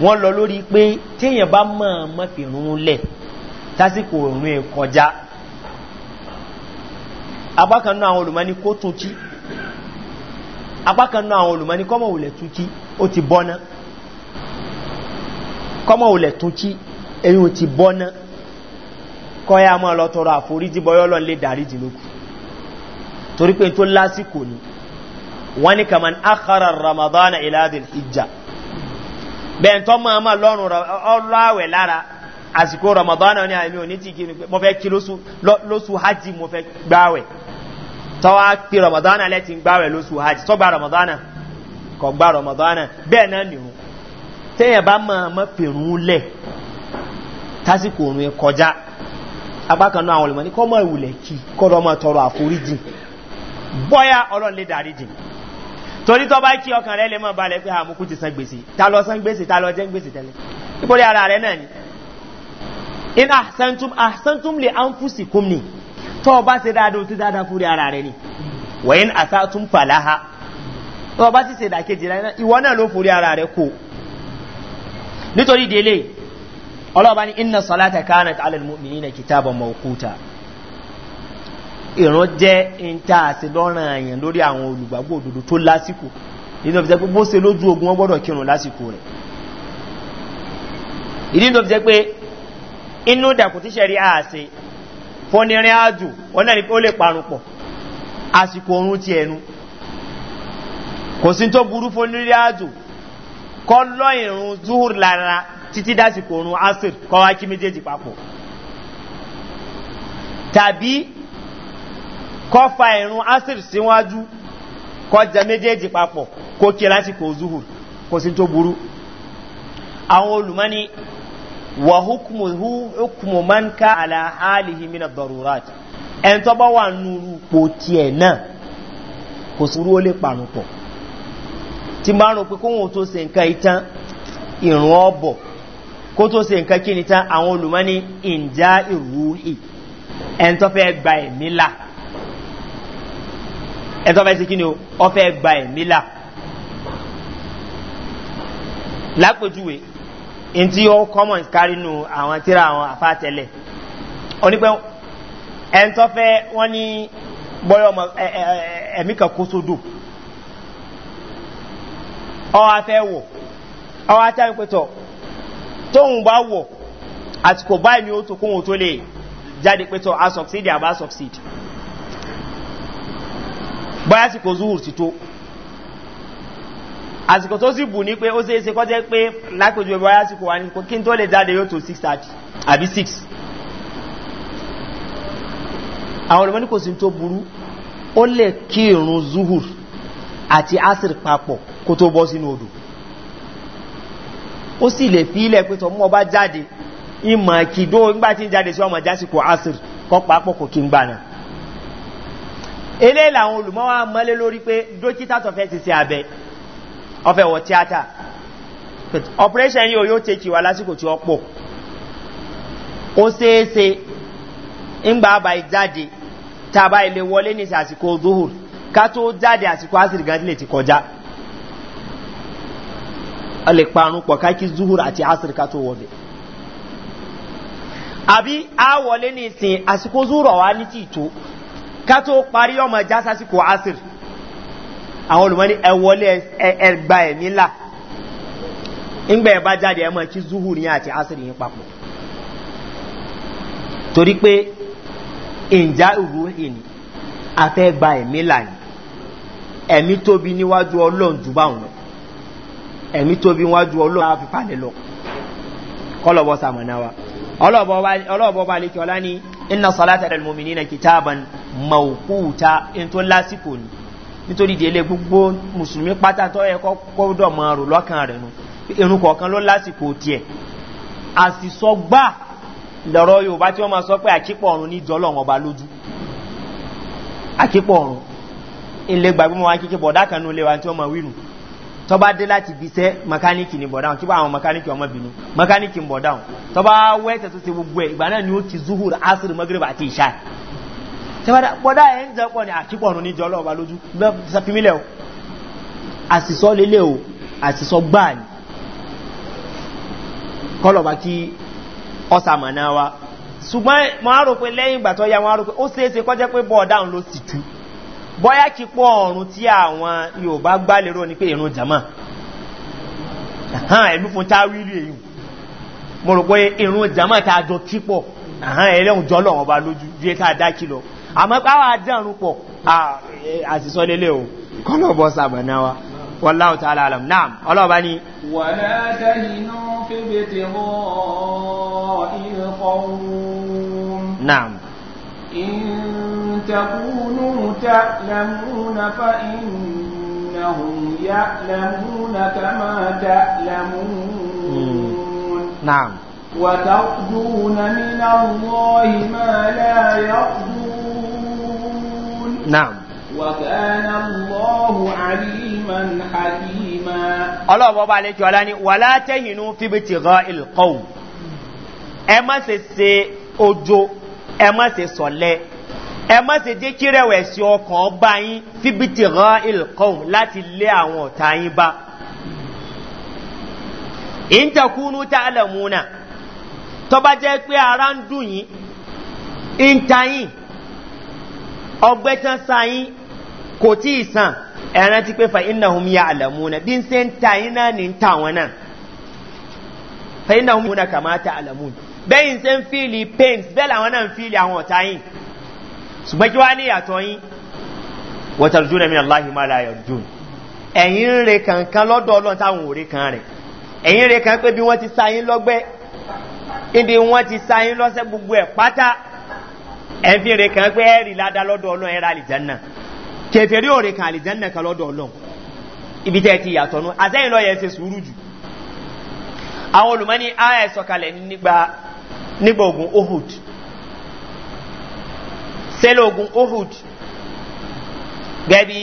wọ́n lọ lórí pé téèyàn bá mọ̀ mọ́ fi rún lẹ̀ tásìkò òrùn ẹ̀ kọjá apákan náà àwọn olùmọ́ni kó tún kí apákan náà àwọn olùmọ́ni kọ́mọ̀ tún kí ó ti bọ́ná kọ́mọ̀ tún kí ẹ̀yìn ti bọ́ná kọ́yá mọ́ lọ àforíjì bọ́yọ́ lè dárí jìlókù torí pé tó lásìkò ni wọ́n ni kàmán ákàrà ramadana ìlàdìl ìjà Bee máa máa lọ́rùn ọlọ́àwẹ̀ lára àsìkò ramadana ní àmì òní tí kí ní pé mo fẹ́ kí lóṣù hajji mo fẹ́ gbáwẹ̀ tọ́wá pí ramadana lẹ́tí gbáwẹ̀ lóṣù hajji tọ́ gba ramadana kọ gba ramadana bẹ́ẹ̀ náà nìhun tẹ́yẹ̀ bá máa mọ́ pèrún lẹ̀ tásìkò òrùn kọjá àwọn olùmọ̀ tọrọ àforíjì bọ́yá torí tọ́ bá kí ọkàn rẹ lè mọ̀ balẹ̀ pé àmukú ti san gbèsè ta lọ san gbèsè ta lọ jẹ́ gbèsè tẹ́lẹ̀ nítorí ara rẹ náà ni in ahsantum ahsantum le anfusi kum ni tọ́ bá ṣe dáadáa o ti dáadáa fúri ara rẹ ni wẹ́yìn asatum falaha tọ́ bá sì ṣe dàkejì rẹ ìwọ náà ló fúri ara rẹ kó nítorí délé ọlọ́ọ̀bá ni inna salata kanat alal mu'minina kitaban mawquta ìran jẹ́ ìta àṣìlọ́ràn àyàn lórí àwọn olùgbàgbò òdòdó tó lásìkò nínú ọ̀fẹ́ pé bó ṣe lójú ogun wọ́n gbọ́dọ̀ kírun lásìkò rẹ̀ ìdí tó fi jẹ́ pé inú dàkù tí ṣẹ̀rí àṣẹ fọ́nirin àjò wọ́n náà ni pé ó lè parun àsìkò oorun ti ẹnu kò sí tó burú fọ́nirin àjò kọ́ lọ́ ìrun zuhur lára títí dásìkò oorun asir kọ́ wá kí méjèèjì papọ̀ tàbí kọ́ fa ìrún asir síwájú kọjá méjèèjì papọ̀ kó kí lásìkò zuhur kò sí tó burú àwọn olùmọ́ni wà hukumu man ká aláhálìhì mina dọ̀rùrát ẹn tó bá wà nùrù pò tiẹ̀ náà kò sí rúó lè parun pọ̀ tí bá rò pé kóhun tó se nǹkan ìtàn ìrún ọ̀bọ̀ kó tó se nǹkan kí ni tán àwọn olùmọ́ni ìjà ìrúhì ẹn tó fẹ́ gba ẹ̀mí là ẹ̀tọ́ fẹ́ sí kí ni ọ fẹ́ gba ẹ̀mí là lápèjúwe n tí ó common kárí nu àwọn tíra àwọn àfàtẹ́lẹ̀ onípẹ́ ẹ̀ńtọ́ fẹ́ wọ́n ní bọ́yọ̀ ọmọ ẹ̀mí kan kó sódò ọwọ́ afẹ́ wọ̀ ọwọ́ ajá ìpẹ́tọ̀ tóhun bá wọ̀ àtìkò báyìí ni ó tó kóhun tó lè jáde pẹ́tọ̀ a àbá succeed bọ́yá sì kò zuhur ti tó àsìkò tó sì bù ní pé ó ṣe é ṣe kọ́ jẹ́ pé lápèjúwe bọ́yá sì kò wá ní kí n tó lè jáde yóò tó six thirty àbí zuhur àti asir papọ̀ kó tó bọ́ sínú odò ó sì lè fi ilẹ̀ pé tọ́mú ọba jáde ìmọ̀ kìdó nígbà tí ń jáde sí ọmọ jásìkò asir kọ́ papọ̀ kò kí eléyìí làwọn olùmọ́ wa mọ́lé lórí pé dókítà tó ti ṣe abẹ ọfẹ́ operation yìí yóò tẹ́kì wá lásìkò tí ó pọ̀ ó ṣeéṣe ńgbà àbá ìjáde tàbá ilé wọlé ní àsìkò zuhur ká tó jáde àsìkò asiri ti kọjá a ká tó parí ọmọ ẹja sásìkò asir àwọn olùmọ́ ní ẹwọlé ẹgbà ẹ̀mí là ńgbà ẹ̀ bá jáde ẹmọ kí zuhur yẹn àti asir yẹn papọ̀ torí pé ìjà ìrú ìní afẹ́gbà ẹ̀mí là ní ẹ̀mí tóbi níwájú ọlọ́run jù báwọn lọ ẹ̀mí tóbi níwájú ọlọ́run á fi palẹ̀ lọ kọ́lọ̀bọ̀ sàmọ̀nà wa ọlọ́bọ̀ bá lè kí ọlá ní inna salata dal mu'minina kitaban mawquta in to lasiko ni nítorí délé gbogbo mùsùlùmí pátá tó yẹ kó dọ̀ mọ́ rò lọ́kàn rẹ̀ nu irun kọ̀ọ̀kan ló lásìkò tiẹ̀ àsìsọ gbà lọ́rọ̀ yorùbá tí wọ́n máa sọ pé àkípọ̀ ọ̀run ní jọlọ̀ wọn bá lójú àkípọ̀ ọ̀run ilé gbàgbé wọn wá bọ̀dá kan nú ilé tí wọ́n máa wí nù tọba dé láti bisẹ́ mẹkáníkì ni bọ̀dáhùn kí bá àwọn mẹkáníkì ọmọ bínú mẹkáníkì ń bọ̀dáhùn tọba wẹ́ẹ̀tẹ̀ tó ti gbogbo ẹ̀ ìgbà náà ni ó ti zuhur asir magreba àti ìṣá tẹ́wọ́dá bọ́dá ẹ̀ ń jẹ́ pọ̀ ní àkípọ̀nù ní jọlọ́ ọba lójú sàfimílẹ̀ o àsìsọ lélẹ̀ o àsìsọ gbáà ni kọlọ̀bá kí ọ̀sàmọ̀ná wa ṣùgbọ́n mo á rò pé lẹ́yìn ìgbà tó yá wọn á rò pé ó ṣeéṣe kọjá pé bọ́ọ̀dáhùn ló sì tú bọ́yá kí pọ̀ ọ̀run tí àwọn yorùbá gbálérò ní pé ìrún jama ẹ̀lú fún táwílì èyí mo rò pé ìrún jama tá a jọ kí pọ̀ ẹlẹ́hùn jọ́ lọ́wọ́ bá lójú ju ẹ́ tá dá kí lọ àmọ́ páwà dẹ̀rún pọ̀ àṣìṣọ́ lélẹ̀ o wa wọ́láwọ̀ tààlà àlàm náà ọlọ́ọ̀bá ni إن تكونوا تعلمون فإنهم يعلمون كما تعلمون نعم وترجون من الله ما لا يرجون نعم وكان الله عليما حكيما الله بابا عليك ولا ولا تهنوا في ابتغاء القوم ẹ má ṣe ẹ má ṣe sọ̀lẹ́ ẹ má ṣe jẹ́ kí rẹ̀wẹ̀sì ọkàn bá yín fíbitì rán ìlkọ́hùn láti lé àwọn ọ̀tá yín bá ìntàkùnú tá a lẹ̀ múnà tọ́ba jẹ́ pé ara ń dùn yín ìntà yín ọgbẹ́ tán sa yín kò tí ì sàn ẹ̀rán ti pé fa iná hum ya àlàmúnà bí ń ṣe ń ta yín náà ní ń ta wọn náà fa iná hum ya àlàmúnà kàmá ta bẹ́yìn ṣe ń fíìlì pains bẹ́ẹ̀ làwọn náà ń fíìlì àwọn ọ̀tá yìí ṣùgbọ́n kí wá ní ìyàtọ̀ yín wọ́tàrùjú rẹ̀ mi aláhi máa la yọ̀jú ẹ̀yìn ń re kankan lọ́dọ̀ ọlọ́run táwọn ò re kan rẹ̀ ẹ̀yìn ń re kan pé bí wọ́n ti sa yín lọ́gbẹ́ níbi wọ́n ti sa yín lọ́sẹ̀ gbogbo ẹ̀ pátá ẹ̀ ń nígbà ogun ohud sẹ́lẹ̀ ogun ohud gẹ́bí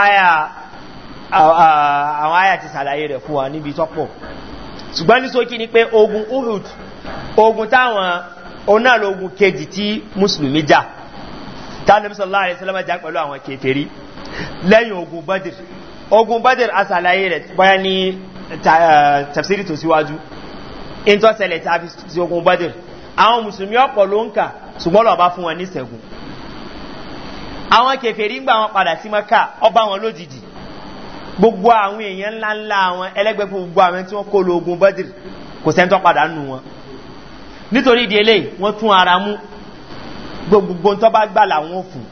aya àwọn aya ti sàlàyé rẹ̀ fún wa níbi tọ́pọ̀ ṣùgbọ́n ní sókí ni pé ogun uhud ogun táwọn onáàlógún kejì tí musulmi já tánàbí sọ́lá àrẹ sọ́lá já pẹ̀lú àwọn kèfèrí lẹ́yìn ogun badir ogun badir a rẹ̀ bọ́yá ní eh, tafsiri tó síwájú si ìtọ́sẹ̀lẹ̀ tàbí ti ogun bọ́dìr àwọn musulmi ọ̀pọ̀ ló ń kà ṣùgbọ́n lọ́ba fún wọn ní sẹ́gun àwọn kẹfẹ̀rí ń gbà wọn padà sí mọ́ká ọba wọn lójijì gbogbo àwọn èèyàn ńláńlá àwọn ẹlẹ́gbẹ́ fún gbogbo àwọn tí wọ́n kó lo ogun bọ́dìr kò sẹ́ńtọ́ padà nù wọn nítorí ìdí eléyìí wọ́n tún ara mú gbogbo tó bá gbà làwọn fún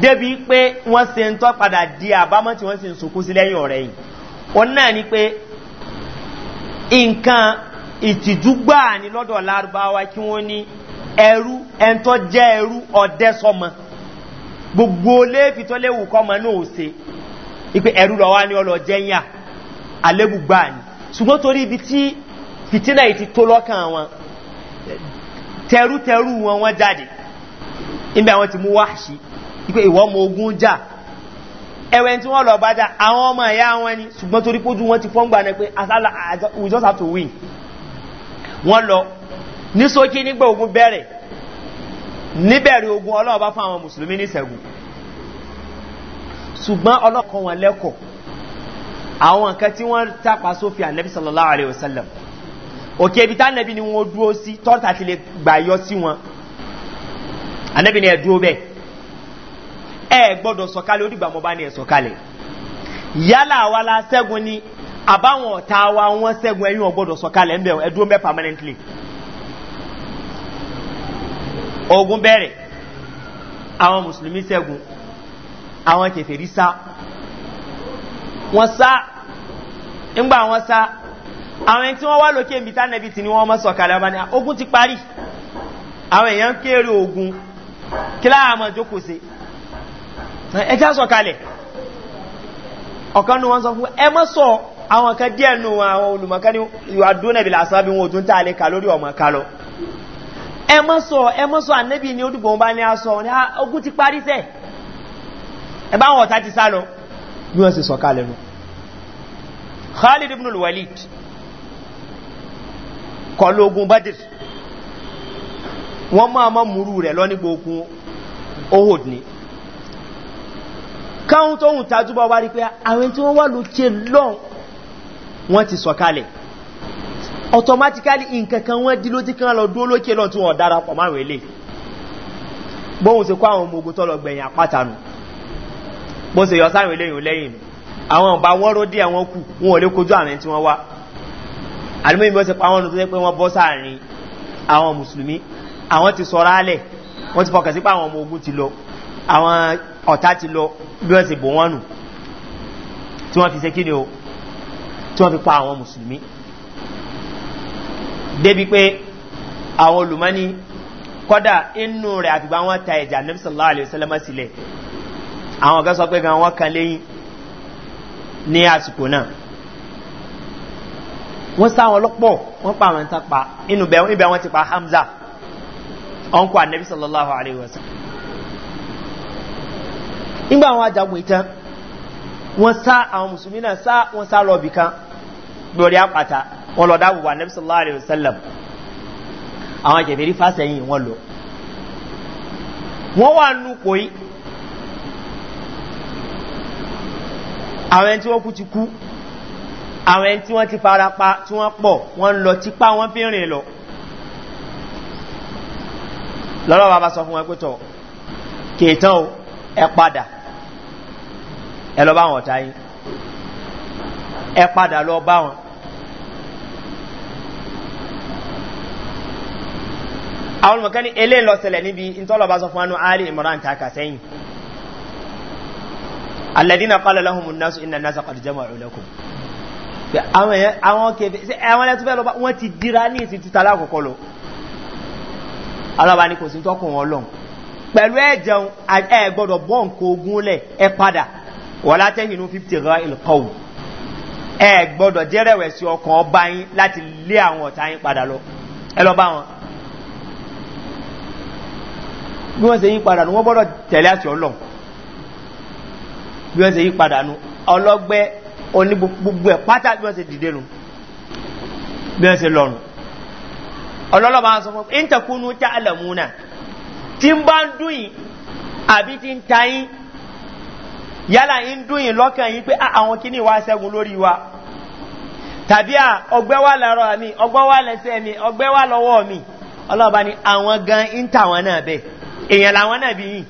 débi pé wọ́n se ń padà di àbámọ́ tí wọ́n sì ń sunkún sí lẹ́yìn ọ̀rẹ́ yìí òun náà ni pé nǹkan ìtìjúgbà ní lọ́dọ̀ lárúbáwá kí wọ́n ní ẹrú ẹ̀ńtọ́ jẹ́ ẹrú ọ̀dẹ́ sọmọ gbogbo léèfì tó léwu kọ́mọ náà ò ṣe ipe ẹrú lọ́wọ́ ni ọlọ́ jẹ́yà alébùgbà ni ṣùgbọ́n torí ibi tí fìtínà yìí tó lọ́kàn wọn tẹrútẹrú wọn wọn jáde níbi àwọn ti mú wáṣí ipe ìwọ́mọ ogun jà ẹ̀wẹ̀ tí wọ́n lọ bá àwọn ọmọ ẹ̀yà wọn ni ṣùgbọ́n torí pójú wọn ti fọ́ngbà náà pé asálà we just have to win wọ́n lọ ní sókè nígbà ogun bẹ̀rẹ̀ níbẹ̀rẹ̀ ogun ọlọ́run bá fún àwọn mùsùlùmí ní ìṣẹ́gun ṣùgbọ́n ọlọ́kan wọn lẹ́kọ̀ọ́ àwọn nǹkan tí wọ́n tàpá sófin ànẹ́bí sallallahu alayhi wa sallam òkè ibi tánẹ́bí ni wọ́n dúró sí tọ́ntà ti lè gbà yọ sí wọn ànẹ́bí ni ẹ̀ dúró bẹ́ẹ̀ ẹ gbọdọ sọkalẹ onígbà mo bá ní ẹ sọ̀kalẹ̀ yálà wa la sẹgun ni àbáwọn ọta wa wọn sẹgun ẹ̀yìn ọgbọdọ sọkalẹ ń bẹ̀ ẹ dúró ń bẹ̀ ogun bẹ̀rẹ̀ àwọn mùsùlùmí sẹgun àwọn kẹfẹ́rí sá wọn sá ńgbà wọ́n sá àwọn ẹni tí wọ́n wá lókè ń bi tá nẹ́bi tí ni wọ́n mọ́ sọ̀kalẹ̀ ọba ni ogun ti parí àwọn èèyàn kéré ogun kí láàmú ọjọ́ se. Eh, ẹjá sọ kalẹ̀ ọ̀kan ní wọ́n sọ fún ẹ mọ́ sọ àwọn kan díẹ̀ nù àwọn olùmọ̀kan ní ìwàdúnẹ̀bì lásán bí wọn ò tún tààlẹ̀ kà lórí ọmọ kalọ̀ ẹ mọ́ sọ ẹ mọ́ sọ ànẹ́bì ní odùgbò bá ní aṣọ ní ah, ogun ti parí sẹ́ ẹ bá wọn ọ̀tá ti sá lọ bí wọ́n sì sọ kalẹ̀ nù khalid ni káwọn tó hùn tajúbọ̀ wá rí pé àwọn tí wọ́n wà lókè lọ́n wọ́n ti sọ̀kalẹ̀ automatically nkankan wọ́n dí lójí kan lọ dúó lókè lọ́n tí wọ́n dára pọ̀ márùn ilé bóhun sí kó àwọn ọmọ ogun tọ́lọ gbẹ̀yìn àpátánù bó ṣe yọ sáàrin lẹ́yìn lẹ́yìn àwọn ọba wọ́rọ́ dí àwọn kù wọn ò lè kojú àárín tí wọ́n wá àdúgbò ìbí ó ti pa wọn tó jẹ́ pé wọ́n bọ́ sáàrin àwọn mùsùlùmí àwọn ti sọ̀rọ̀ alẹ̀ wọ́n ti fọkàn sí pé àwọn ọmọ àwọn ọ̀tá ti lọ bí wọ́n ti bò wọ́n nù tí wọ́n fi ṣe kí ni o tí wọ́n fi pa àwọn mùsùlùmí débi pé àwọn olùmọ́ni kọ́dà inú rẹ̀ àtìgbà wọn ta ẹ̀jà nẹ́bísọ̀lá àlẹ́sẹ́lẹ́mọ́ sílẹ̀ àwọn ọ̀gá sọ pé gan wọ́n kan lẹ́yìn ní àsìkò náà wọ́n sá wọn lọ́pọ̀ wọ́n pa àwọn ìtàn pa inú ibẹ̀ wọ́n ti pa hamza ọ̀nkọ́ ànẹ́bísọ̀lá àlẹ́sẹ́lẹ́mọ́ nígbà àwọn ajagun ìtàn wọ́n sá àwọn musulmi náà sá wọ́n sá lọ bìkan lórí àpàtà wọ́n lọ dáàbò wà nẹ́bí sallallahu alayhi wa sallam àwọn àjẹ̀bẹ̀rí fásẹ̀yìn wọ́n lọ wọ́n wà nù pòyí àwọn ẹni tí wọ́n kú ti kú àwọn ẹni tí wọ́n ti fara pa tí wọ́n pọ̀ wọ́n lọ tipa wọ́n fi rìn lọ lọ́lọ́ bàbá sọ fún wọn pé tọ̀ kèétán o ẹ padà ẹ lọ bá wọn ọ̀tá yín ẹ padà lọ bá wọn. àwọn olùmọ̀kẹ́ ní eléyìí lọ sẹlẹ̀ níbi ntọ́lọ́ba sọ fún anú ali imran taka sẹ́yìn alẹ́dínà kọ́lẹ̀ lọ́hùn nasu iná nasa kọ̀dùjẹ́mọ̀ ìlẹ́kùn àwọn kẹfẹ́ sí àwọn ẹlẹ́tọ́ fẹ́ lọ́ba wọ́n ti dira ní ìsìn títà lákòókò lọ alábàánikò sí tọ́kùn wọn lọ́hùn pẹ̀lú ẹ̀jẹun ẹ gbọ́dọ̀ bọ́ nǹkan ogun lẹ̀ ẹ padà wọ́n látẹ̀yìn inú fífi ra ìlkọ́wù ẹ gbọ́dọ̀ jẹ́rẹ̀wẹ̀sì ọkàn ọba yín láti lé àwọn ọ̀tá yín padà lọ ẹ lọ bá wọn. bí wọ́n ṣe yí padà nu wọ́n gbọ́dọ̀ tẹ̀lé àti ọlọ́run bí wọ́n ṣe yí padà nu ọlọ́gbẹ́ oní gbogbo ẹ̀ pátá bí wọ́n ṣe dìde nu bí wọ́n ṣe lọ́nu ọlọ́lọ́ tí ń bá ń dùn yìí àbí tí ń ta yín yálà ń dùn yìí lọ́kàn yín pé ah, àwọn kìíní wa ṣẹ́gun lórí wa tàbí à ah, ọgbẹ́ wà lọ́rọ̀ mi ọgbẹ́ wà lẹ́sẹ̀ mi ọgbẹ́ wà lọ́wọ́ mi ọlọ́ọ̀bá ni àwọn gan ń tà wọn náà bẹ́ẹ̀ èèyàn làwọn náà bí yìí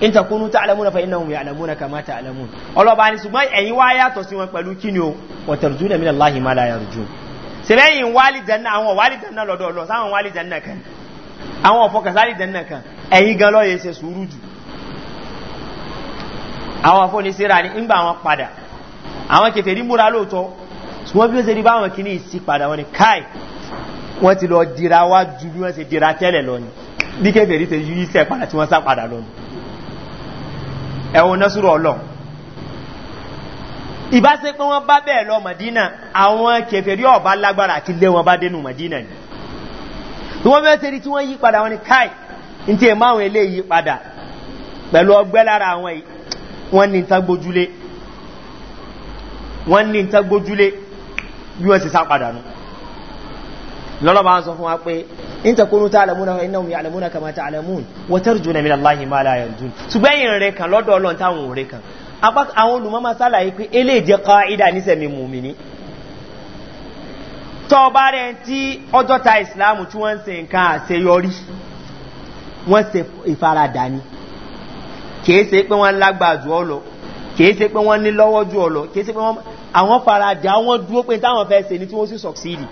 in ta kunu ta alamuna fa innahum ya'lamuna kama ta alamun ọlọba ni ṣùgbọ́n ẹ̀yin wá yàtọ̀ sí wọn pẹ̀lú kí ni o wọ́n tẹ̀rù ní aláhi má la yàrù jù sẹ́lẹ̀yìn wálì janna àwọn wálì janna lọ́dọ̀ lọ sáwọn wálì janna kan àwọn ọ̀fọkàsárì dẹ́nà kan ẹ̀yìn gan lọ́yẹ̀ ṣe sùúrù jù àwọn afọ́nisíra ní ń bá wọn padà àwọn kẹfẹ́ rí múra lóòótọ́ ṣùgbọ́n bí ó ṣe rí báwọn kìíní sí padà wọn ni káì wọ́n ti lọ dira wá ju bí wọ́n ṣe dira tẹ́lẹ̀ lọ ni bí kẹfẹ́ rí ṣe iṣẹ́ padà tí wọ́n sá padà lọ ni ẹ̀wọ̀n násùrọ̀ ọlọ́run ìbáṣepẹ́ wọn bá bẹ́ẹ̀ lọ mọ̀dínà àwọn kẹfẹ́ rí ọ̀bá lágbára àti lé wọn bá dénú mọ̀dínà ni tí wọ́n fẹ́ ṣe rí tí wọ́n yí padà wọn ni káì ní tí èèmọ́ àwọn eléyìí padà pẹ̀lú ọgbẹ́ lára àwọn yìí wọ́n ní nǹkan gbójúlé wọ́n ní nǹkan gbójúlé bí wọ́n sì sá padà nù lọ́lọ́ba ń sọ fún wa pé ìtàkùnú tá àlàmúnà iná omi àlàmúnà kama tá àlàmún wọ́tẹ́rù jù nàmì aláhìn máa láyà jù ṣùgbẹ́yìn rẹ̀ kan lọ́dọ̀ ọlọ́ntàwọn rẹ̀ kan àwọn olùmọ́mọ́ sálàyé pé eléèjẹ́ kọ́ ìdá nísẹ̀mí mùmí tọ́ bá rẹ̀ tí ọjọ́ ta ìsìláàmù tí wọ́n ń se nǹkan àṣeyọrí wọ́n se ìfaradà ni kìí se pé wọ́n lágbàá jù ọ lọ kìí se pé wọ́n ní lọ́wọ́ jù ọ lọ kìí se pé wọ́n àwọn faradà wọ́n dúró pé táwọn fẹ́ se ni tí wọ́n sì sọ̀ksídì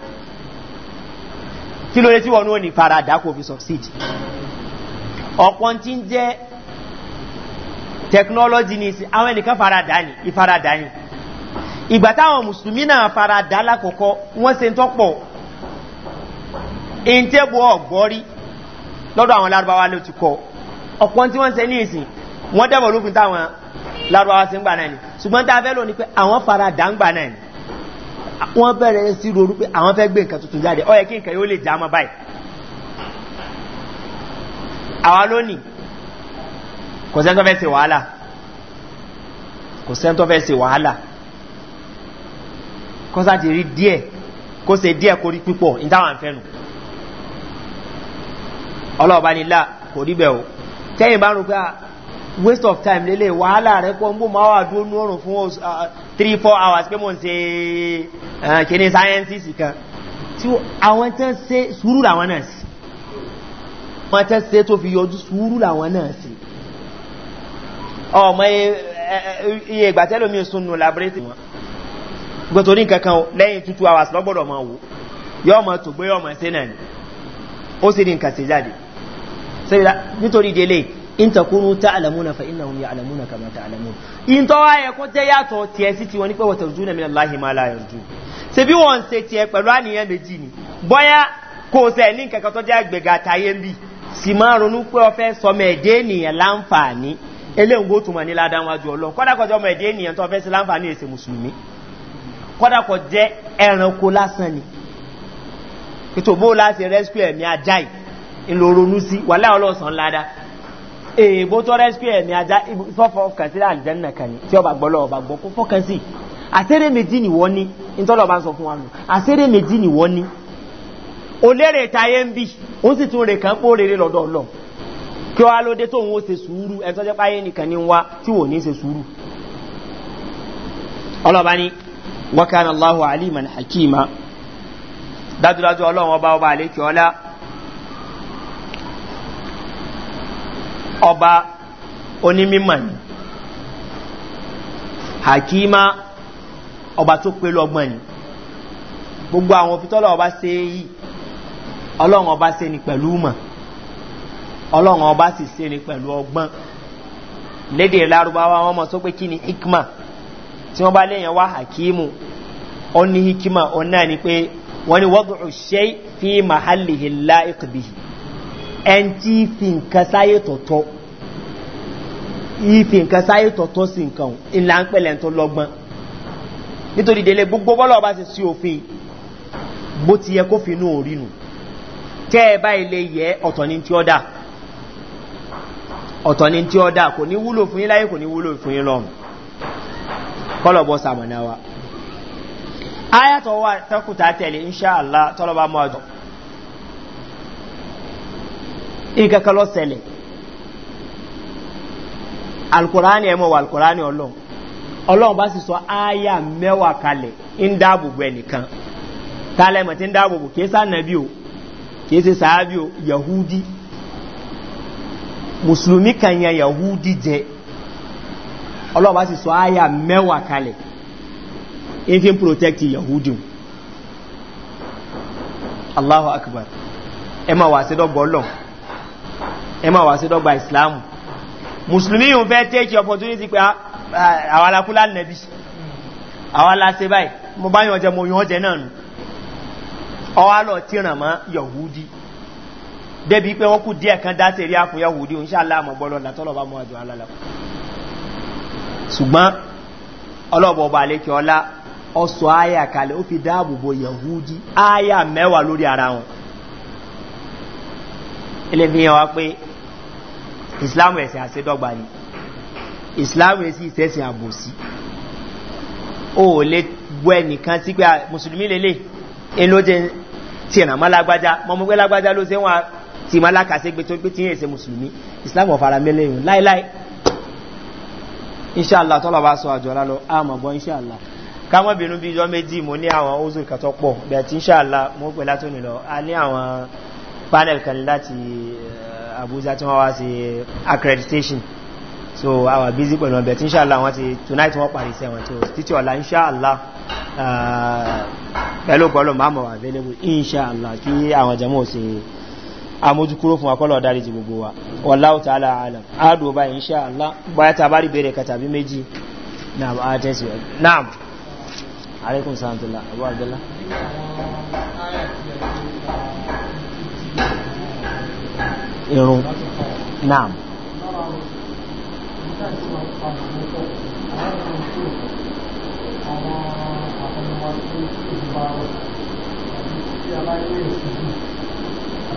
kí ló dé tí wọ́n ní faradà kò fi sọ̀ksídì ọ̀pọ̀ tí ń jẹ́ tẹkinọ́lọ́jì ní àwọn ẹnìkan faradà ni ìfaradà ni. Faradani ìgbà táwọn mùsùlùmí náà fara dá lákòókò wọ́n se ń tọ́pọ̀ èyí tẹ́ bọ́ ọ̀gbọ́rí lọ́dọ̀ àwọn lárúbáwá ló ti kọ́ ọ̀pọ̀ tí wọ́n se ní ìsìn wọ́n dẹ́bọ̀ lófin táwọn lárúbáwá se ń gbà náà ni ṣùgbọ́n tá a fẹ́ lò ní pé àwọn fara dá ń gbà náà ni wọ́n bẹ̀rẹ̀ sí rorú pé àwọn fẹ́ gbé nǹkan tuntun jáde ọ̀yẹ́ kí nǹkan yóò lè já mọ́ báyìí kò sẹ́ńtọ́ fẹ́ se wàhálà kọ́sá ti rí díẹ̀ kó se díẹ̀ kó rí pípọ̀ ìdáwọn fẹ́nu ọlọ́ọ̀bá nílá kò rí bẹ̀ o tẹ́yìn bá rú pé a ah, waste of time lélẹ̀ wàhálà rẹ̀ pọ̀ ń bò máa wà dúró ní ọ̀rùn fún 3-4 ah, hours pé mo ń se eh, kíní sciences kan tí àwọn tẹ́ ṣe sùúrù làwọn náà sí wọ́n tẹ́ ṣe tó fi yọjú sùúrù làwọn náà sí ọmọ eh, eh, iye ìgbàtẹ́lómi sunu laboratory wọn gbẹ̀tọ̀ ní kankan lẹ́yìn tútù hours lọ́gbọ̀dọ̀ máa wò yọ ọmọ tó gbé ọmọ ẹsẹ̀ náà ni ó sì ní nǹkan ṣe jáde nítorí délé ìntàkùnú tá àlàmúnà fa iná omi àlàmúnà kàmà tá àlàmúnà ìntọ́ ayẹ kó jẹ́ yàtọ̀ tiẹ̀ sí tiwọn ní pé wọ́n tẹ̀rù náà mìíràn láhìí máa láyọ̀ jù ṣe bí wọ́n ṣe tiẹ̀ pẹ̀lú àníyàn méjì ni bọ́yá kò sẹ̀ ní kankan tó jẹ́ àgbègà táyé ń bì sì máa kọ́dà kọ́ jẹ́ ẹranko lásán ni ètò bó láti rescue ẹ̀mí ajá yìí ńlọrọ̀nù sí wàhálà ọlọ́sàn ládàá èèbó tó rescue ẹ̀mí ajá fọ́fọ́ kàn sí àlìjẹ́nà kan ni tí ọba gbọ́lọ́ ọba gbọ́ kó fọ́kàn sí àṣẹ́rẹ́ méjì nìwọ́ ní nítorí ọba ń sọ fún wa nù àṣẹ́rẹ́ méjì nìwọ́ ní olérè táyé ń bì ó sì tún rè kán pó lọ́dọ̀ ọlọ́run kí wá ló tó òun ó se sùúrù ẹ̀tọ́ jẹ́ páyé nìkan ní wá tí wò ní se sùúrù ọlọ́ba ni wákàtí aláwọ̀ alíman hakima dájúdájú ọlọ́run ọba ọba àlékè ọlá ọba onímímọ̀ hakima ọba tó pé lọ́gbọ̀n ni gbogbo àwọn òfin ọba ṣe yìí ọlọ́run ọba ṣe ni pẹ̀lú mọ̀ ọlọ́run ọba sì ṣe ni pẹ̀lú ọgbọ́n lédè lárúbáwá wọn mọ̀ sọ pé kí ni hikma tí wọ́n bá léèyàn wá hakimu ó ní hikima ó náà ni pé wọ́n ni wọ́n dùn ṣe fi mahali hila ikubi ẹn tí fi nǹkan sáyé tọ̀tọ̀ ìfi nǹkan sáyé tọ̀tọ̀ sí nǹkan ìlà ń pẹ̀lẹ̀ tó lọ́gbọ́n nítorí délé gbogbo bọ́lọ̀ bá ti sí òfin bó ti yẹ kó fi inú orí tẹ́ ẹ bá ilé yẹ ọ̀tọ̀ ní tí ó dà ọ̀tọ̀ ní tí ó dà kò ní wúlò fún yín láyé kò ní wúlò fún yín lọ́rùn kọlọ̀bọ̀ sàmọ̀náwà ayatọ̀ wà tẹ́kùtà tẹ̀lé inṣáàlá tọ́lọ́bà mọ́ ọjọ́ ìkẹ́kọ́lọ́ sẹlẹ̀ alkùránì ẹmọ wà alkùránì ọlọ́run ọlọ́run bá sì sọ áyà mẹ́wàá kalẹ̀ ń dáàbòbò ẹnìkan tálẹ́mọ̀ tí ń dáàbòbò kìí sànàbí o kìí ṣe sàábí o yahudi mùsùlùmí kan yẹn yahudi jẹ́ ọlọ́run bá sì sọ àyà mẹ́wàá kalẹ̀ in fi ń protect allahu akbar ẹ ma wà sí dọ́gba ọlọ́run ẹ ma wà sí dọ́gba islam musulmi fẹ́ take opportunity pé àwọn alákúlá nẹ́bí báyìí mo bá yànjẹ mo yànjẹ náà nù ọwá lọ tíràn mọ́ yahudi débi pé wọ́n kú díẹ̀ kan dá sẹ́rí yahudi àmọ́gbọ́lọ́ mọ́ àjọ ṣùgbọ́n ọlọ́bọ̀ ọba àlékí ọlá ọsọ ayà kalẹ̀ ó fi dáàbòbò yahudi ayà mẹ́wàá lórí ara wọn ilé fi hàn wá pé islam ẹ̀sìn àṣẹ́dọ́gba ni islam ẹ̀sìn ìṣẹ́sìn àbòsí ó lè gbọ́ ẹnìkan sí pé mùsùlùmí lélẹ̀ ẹ ló jẹ tìrànmọ́ lágbájá mọ́mọ́gbẹ́ lágbájá ló ṣe wọn tìmọ́ lákàṣẹ́gbẹ́ tó gbé tí yẹn ṣe mùsùlùmí islam ọ̀fara mẹ́lẹ́yìn láíláí iṣẹ́ àlá tọ́lá bá sọ àjọ lálọ àmọ̀ gbọ́ iṣẹ́ àlá káwọn bínú bí ijọ́ méjì mo ní àwọn ozone kan tó pọ̀ bẹ̀ẹ̀tì iṣẹ́ àlá mo pè látòní lọ a ní àwọn panel kan láti eh, abuja tí wọ́n wá sí accreditation so àwọn busy pẹ̀lú ọbẹ̀ tí iṣẹ́ àlá wọn ti tonight wọ́n parí iṣẹ́ wọn tó títí ọ̀la iṣẹ́ àlá eh, pẹ̀lú pẹ̀lú máàmù available iṣẹ́ àlá kí àwọn jẹ́mọ̀ sí i àmójúkúrò fún akọ́lọ̀ ọ̀dárí ti gbogbo wa wàláwù tààlà àlàm àádùn ọba ìṣẹ́ àlá báyá tàbá rí bèèrè kàtà bí méjì náà bá tẹ́sí ọ̀ náà alaikum sàntìlá abu abdullá irun náà àwọn àkọ́nàwà tó ti bá wọ́n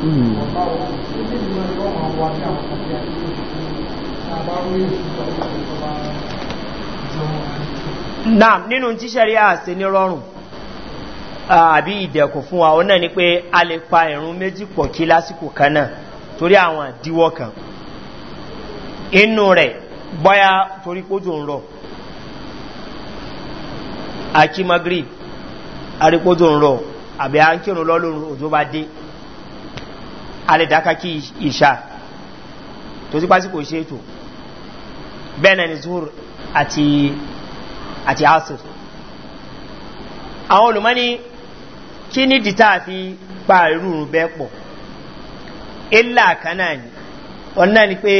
Hmm. náà nínú tí sẹ́rí àṣẹ ní rọrùn àbí ìdẹ̀kùn fún wa náà ni pé a lè pa ìrún méjì pọ̀ kí lásìkò kan náà torí àwọn àdíwọ́ kan inú rẹ̀ bọ́yá torí pójò ń rọ̀ akimagri arípójò ń rọ̀ àbí à ń kírun lọ́lọ́run òjò bá dé alẹ́ dáká kí ìṣá tó sí pásíkò ṣètò bẹ́ẹ̀ náà ni zuhur àti àti asir àwọn olùmọ́ni kí ní dìtà àfi pa ìrúurú bẹ́ẹ̀ pọ̀ ilá kan ni ọ̀nà ni pé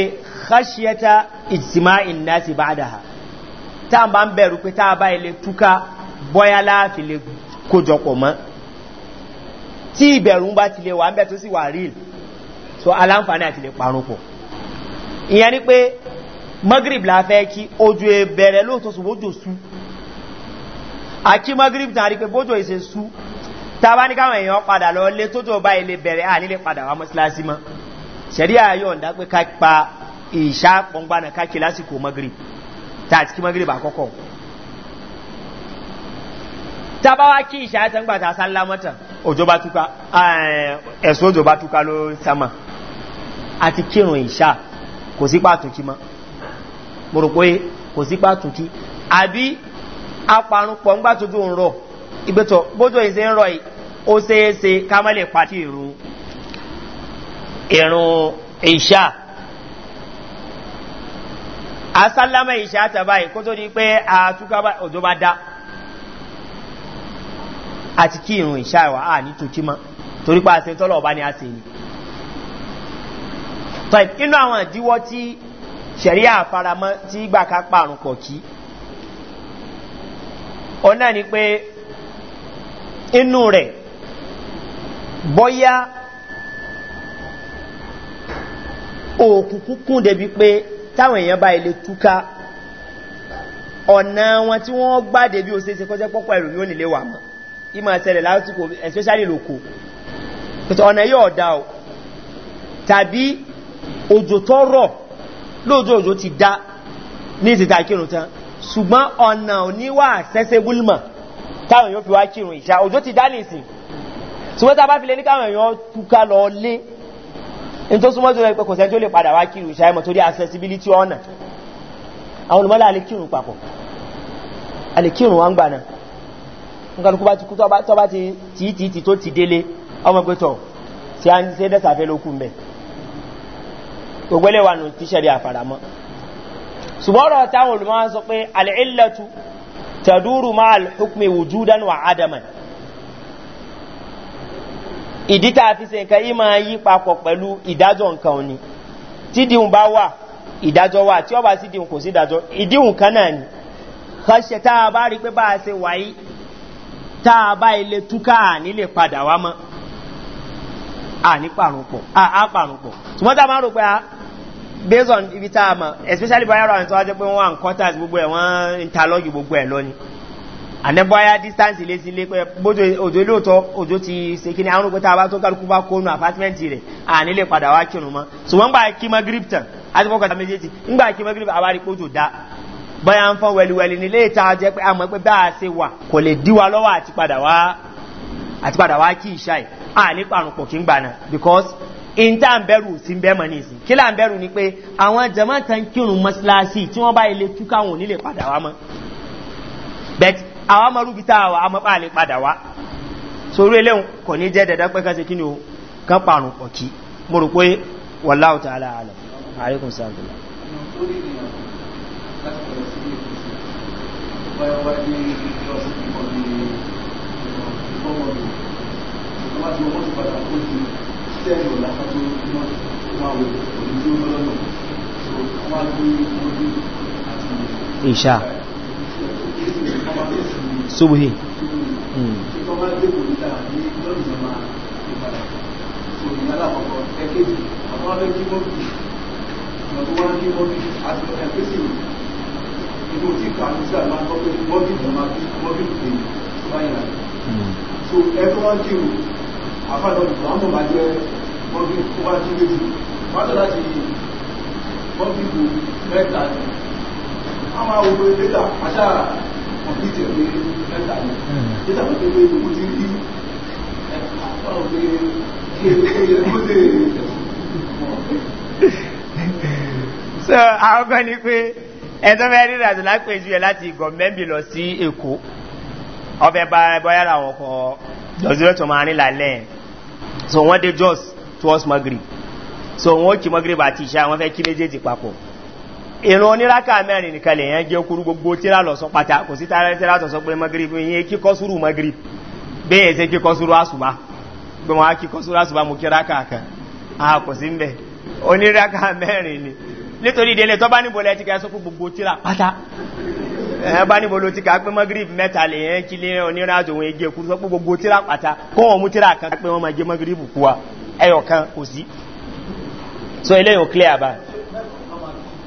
khashiyata ìtìmá ìnáti bá dáa tá a bá ń bẹ̀rù pé tá a bá ilé túká bọ́yá láàfin kójọpọ̀ mọ́ tí ìbẹ̀rù ń bá ti lè wà ń bẹ̀ tó sì wà ríìlì so aláǹfààní àti lè parun pọ̀ ìyẹn ni pé magrib la fẹ́ kí ojú ẹ e bẹ̀rẹ̀ lóòótọ́ sùn bójò sú àkí magrib tàn rí pé bójò ìṣe e sú tàbá ní káwọn èèyàn padà lọ lé tójò bá ilé bẹ̀rẹ̀ à nílé padà wá mọ́síláṣí mọ́ ṣẹ̀rí ààyò ọ̀dá pé ká pa ìṣá pọ̀ngbàna ká kí lásìkò magrib tààtì kí magrib àkọ́kọ́ eh, ẹ̀sùn òjò bá túká ló sámà àti kírùn ìṣà kò sí pàtùkí mọ́ mo rò pé kò sí pàtùkí àbí aparunpọ̀ ńgbà tó dùn rọ̀ ìgbẹ́tọ̀ bójú ìṣe ń rọ̀ yìí ó ṣeéṣe ká má lè pàtí ìrún ìrún ìṣà asálámà ìṣà àtàbáyì kó tó di pé àtúkà òjò torípa àṣẹ tọ́lọ̀ ọba ni a ṣe yìí type inú àwọn ìdíwọ́ tí sẹ̀rí àfaramọ́ tí gbà ká pààrùn pọ̀ kí òun náà ni pé inú rẹ̀ bọ́yá òkùnkùn kún débi pé táwọn èèyàn bá ilé túká ọ̀nà wọn tí wọ́n gbá débi òṣèṣe kọjẹ́ pọ́pọ̀ ẹ̀rù yóò nílé wà mọ́ ìmọ̀ ẹ̀sẹ̀lẹ̀ lásìkò especially lóko ọ̀nà yóò dá o tàbí òjò tó rọ̀ lóòjò òjò ti dá ní ìsìta kírun tán ṣùgbọ́n ọ̀nà oníwà accessiblemọ̀ táwọn yóò fi wá kírun ìṣá òjò ti dá nìsín ṣùgbọ́n tá a bá fi lè ní káwọn èèyàn túká lọ lé nítorí súnmọ́ tó rẹ̀ pé kò sẹ́ni tó lè padà wá kírun ìṣá ẹ̀mọ̀ torí accessibility ọ̀nà àwọn olùmọ́lá alẹ́ kírun papọ̀ alẹ́ kírun wá ń gbà náà nǹkan kó bá ti kú tọ́ bá ti tì tì tó ti délé ọmọ pé tọ̀ tí a ń ṣe dẹ́sàfẹ́ lókùn bẹ́ẹ̀ gbogbo wa nù tíṣẹ̀rí àfàràmọ́ ṣùgbọ́n ọ̀rọ̀ táwọn olùmọ́ sọ pé alẹ́lẹ́tu tẹ̀dúrù máa hukumi wùjúdánù wà ádámàn ìdí tá a fi ṣe nǹkan yìí máa yí papọ̀ pẹ̀lú ìdájọ́ nǹkan òní tídìhùn bá wà ìdájọ́ wà tí ọba tídìhùn kò sí ìdájọ́ ìdíhùn kan náà ni kọ́ṣẹ́ tá a bá rí pé bá a ṣe wáyé tá a bá ilé túká nílé padà wá mọ́ àní pàrùn pọ̀ àá pàrùn pọ̀ ṣùgbọ́n tá a máa rò pé a based on ibi tá a mọ̀ especially bóyá ọ̀rọ̀ àwọn tó wá jẹ́ pé wọ́n wà ń quarters gbogbo ẹ̀ wọ́n ń ta lọ́ọ̀gì gbogbo ẹ̀ lọ́ni ànẹ́bọ́yá distance ilé sí ilé pé bójú òjò lóòótọ́ òjò ti ṣe kí ni àwọn olùgbé tá a bá tó kálukú bá kónú àpátímẹ́ǹtì rẹ̀ àní lè padà wá kírun mọ́ ṣùgbọ́n gbà kí mọ́ grip tán àti kọ́kọ́ tá méjèèjì ńgbà kí mọ́ grip àwa rí kójú dá bóyá ń fọ́n wẹ̀lúwẹ̀lú nílé ìta jẹ́ pé àmọ́ pé bá a ṣe wà kò lè dí wa lọ́wọ́ àti padà wá àti padà wá kí ìṣá ẹ̀ àní parun pọ̀ kí ń gbà náà because ìta ń bẹ̀rù sí bẹ́ẹ̀mọ̀ ní ìsìn kí là ń bẹ̀rù ni pé àwọn jẹ̀mọ́ta ń kírun mọ́síláṣí tí wọ́n bá ilé túká wọn nílé padà wá mọ́ bẹ́t àwọn ọmọrúbi tá àwọn amọ́pá lè padà wá sórí eléhùn kò ní jẹ́ dandan pẹ́kẹ́ sí kí ni o kán parun pọ̀ kí mo rò pé wọ́n láwùtà aláàlọ́ àríkùn sáàbùlà. Thank sẹ́ẹ̀lù lápájú wọn wọn wò òní tí ó mọ́ lọ́nà so wọ́n á gbé ọdún láti mọ̀ ìṣà subuhi Ibu hmm. hmm àfáàdọ̀ ìfòwàmọ̀ bá jẹ́ mọ́bí tó bá jí méjì wátọ̀ láti mọ́bí bò mẹ́ta ni a máa wo pé lẹ́tà àṣà kọ̀mpútẹ̀ ni lẹ́tà so àwọn kan ní pé ẹ̀tọ́ fẹ́ rí ìrìnàjò lápẹjú ẹ láti gọ̀mẹ́bì lọ sí èkó ọbẹ̀ bá ẹbọ́yára àwọn ọkọ̀ lọ́sílẹ̀ tó máa rí lálẹ́ so wọ́n dé jos towards magrib so wọ́n kí magrib àti ìṣá wọ́n fẹ́ kí méjèèjì papọ̀ ìrún oníraka mẹ́rin nìkan lè yẹn gé okuru gbogbo tíra lọ sọ pátá kò sí tààrẹ tíra sọ sọ pé magrib ìyẹn kíkọ́ sùúrù magrib bẹ́ẹ̀ ṣe kíkọ́ sùúrù àṣùbá gbé wọn á kíkọ́ sùúrù mú kíra kankan a kò sí mbẹ oníraka mẹ́rin ni nítorí ìdílé tó bá níbo lẹ́ẹ̀tì kẹ́ sọ gbogbo tíra pátá ẹ̀yẹn eh, bá níbo ló ti kà pé magrib mẹ́ta lè yẹn kí lé onírìn àjò òun ege sọ pé gbogbo tíra pàtà kọ́ wọn mú tíra kan pé wọ́n máa jẹ wa kò sí so eléyìn clear bá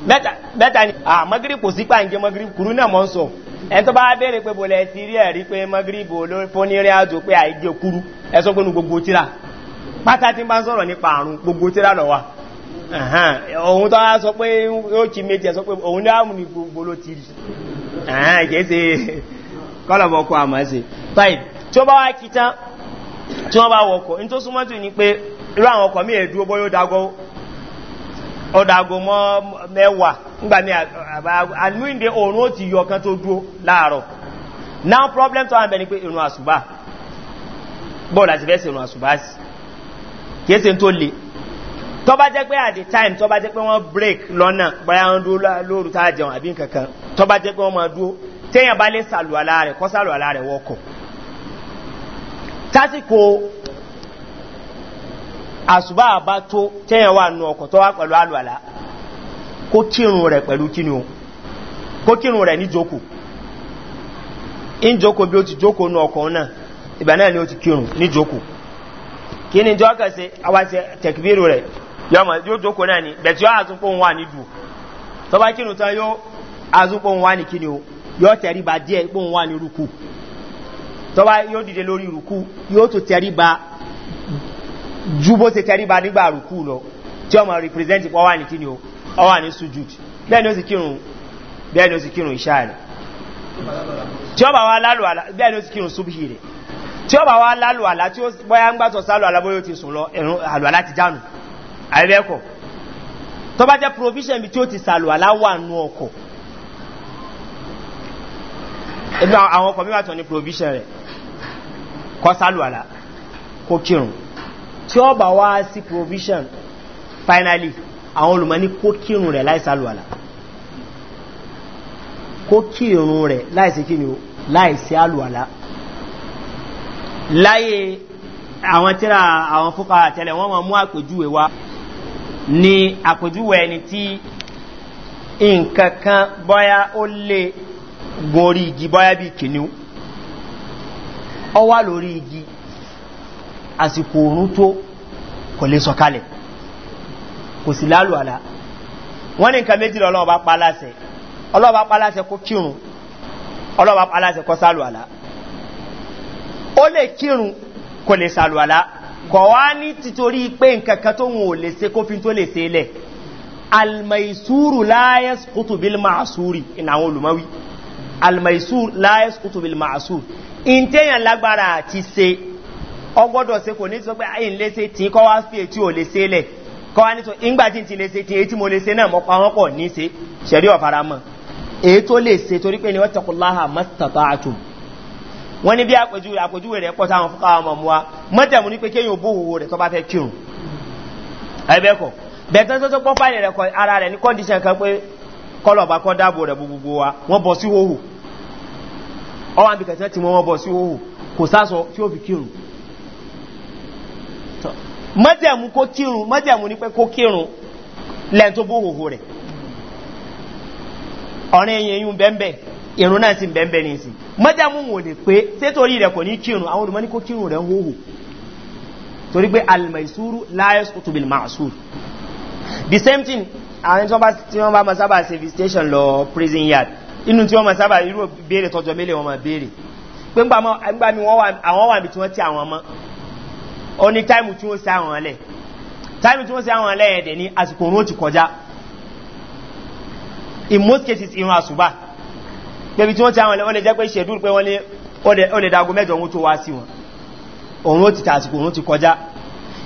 mẹ́ta ni à magrib kò sí pàǹjẹ magrib kúrú náà mọ́ ń sọ ẹni tó bá béèrè pé bọ̀lẹ̀ ti rí ẹ̀rí pé magrib olófónírìn àjò pé kúrú ẹ sọ pé nu wa òun tó wá sọ pé ó ti méjì ẹ ẹ̀hẹ́n kìí ṣe kọ́lọ̀bọ̀ kọ́ àmọ́ ṣe báyìí tí ó bá wá kí tán tí wọ́n bá wọkọ̀ ní tó súnmọ́ jù ní pé irú àwọn ọkọ̀ míì dúró bóyá dago mọ́ mẹ́wàá nígbà tó now problem pé irun tọ́ba jẹ́ pé time tọ́ba jẹ́ pé wọ́n break lọ́nà bóyá dúró lóru tá a jẹun àbí kankan kan tọ́ba jẹ́ pé wọ́n máa dúró téèyàn bá lè sàlùwàlá rẹ̀ kọ́ sàlùwàlá rẹ̀ wọ́kọ̀ tásìkò àṣùbà àbá tó téèyàn wà nù ọkọ̀ o kó kírun rẹ̀ ní jókòó ń ni ó ti kírun ní jókòó kí yọmọ yóò jókòó náà ni bẹ̀tí yóò àtúnpọ̀ wà ní dù tọba kínú tán yóò àtúnpọ̀ wà ní kíni o yóò tẹríba díẹ̀ pọ̀ wà ní rúkú tọba yóò dìde lórí rúkú yóò tó tẹríba ju bó ṣe tẹríba nígbà rúkú lọ tí ọmọ represent pọ̀ wà ní kíni o ọ wà ní sujud bẹ́ẹ̀ ni ó sì kírun bẹ́ẹ̀ ni ó sì kírun iṣẹ́ rẹ̀ tí ọba wa lálù àlá bẹ́ẹ̀ ni ó sì kírun subhi rẹ̀ tí wa lálù àlá tí ó bọ́yá ń gbàtọ̀ sálù àlá bóyá ó ti sùn lọ ẹ̀rùn àlù àlá ti jánu àbẹ́bẹ́kọ̀ tó bá jẹ́ provision bí tí ó ti sàlùwàlá wà nú ọkọ̀ inú àwọn ọkọ̀ mímọ̀ tó ní provision rẹ̀ kọ́ sàlùwàlá kó kírun tí ó bá wá sí provision finally àwọn olùmọ̀ ní kó kírun rẹ̀ láì sàlùwàlá kó kírun rẹ̀ láì sí kí ni o láì sí láyé àwọn tíra àwọn fúkà àtẹlẹ wọn mọ àpèjúwe wa ni àpèjúwe ẹni tí nǹkan kan bọ́yá ó lè gun orí igi bọ́yá bí kìnìún ọ wá lórí igi àsìkò òrùn tó kò lè sọ̀kalẹ̀ kò sí lálù àlá wọ́n ní nǹkan méjìlá ọlọ́ọ̀bá paláṣẹ ọlọ́ọ̀bá paláṣẹ kó kírun ọlọ́ọ̀bá paláṣẹ kó sálù àlá ó lè kírun kò lè sálù àlá kọ̀ wá ní títorí pé nkankan tó wọn ò lè se kófin tó lè se almaisuru láyẹ́s kútùbíl ma'asúri ìnáwọn olùmọ́wí almaisuru láyẹ́s kútùbíl ma'asúri in tẹ́yàn lágbára àti se ọgbọ́dọ̀ se kò ní sọ pé ayin lè se tí kọ́ wá fi ètí ò lè se lẹ̀ ní sọ ìgbà tí ti lè se tí ètí mo lè se náà mọ́ pa wọ́n pọ̀ ní se ṣẹ̀rí ọ̀fara mọ́ èyí tó lè se torí pé ni wọ́n tẹkùláhà mọ́tàtà àtùm wọ́n ní bí àpèjúwe àpèjúwe rẹ̀ pọ̀ táwọn fúnka ọmọ mu wa mọ́tẹ̀mú ní pé kéèyàn bó wo rẹ̀ tó bá fẹ́ kírun ẹ̀bẹ́kọ̀ bẹ̀tẹ́ tó tó pọ́ fáyẹ̀ rẹ̀ kọ́ ara rẹ̀ ní kọ́ndíṣẹ̀ kan pé kọ́lọ̀ bá kọ́ dáàbò rẹ̀ gbogbo wa wọ́n bọ̀ sí hóhù ọwọ́ àbí kẹ̀tẹ́ tí ìrún náà sì bẹ́ẹ̀ ní sí mọ́jàmú wò lè pé sétorí rẹ̀ kò ní kírun àwọn olùmọ́ ní kó kírun rẹ̀ hóhò torí pé almaisuru lions kutubil maasur the same thing àwọn tí wọ́n bá ma sábà ṣe visitation lọ prison yard inú tí wọ́n ma sábà irú béèrè tọjọ́ mélòó wọ́n ma béèrè pé in most cases irun àṣùbà débi tí wọ́n ti àwọn ọlẹ́ jẹ́ pé ṣèdúrú pé wọ́n ní ó lè dago mẹ́jọ òun tó wá sí wọn òun ó ti tàsìkò ti kọjá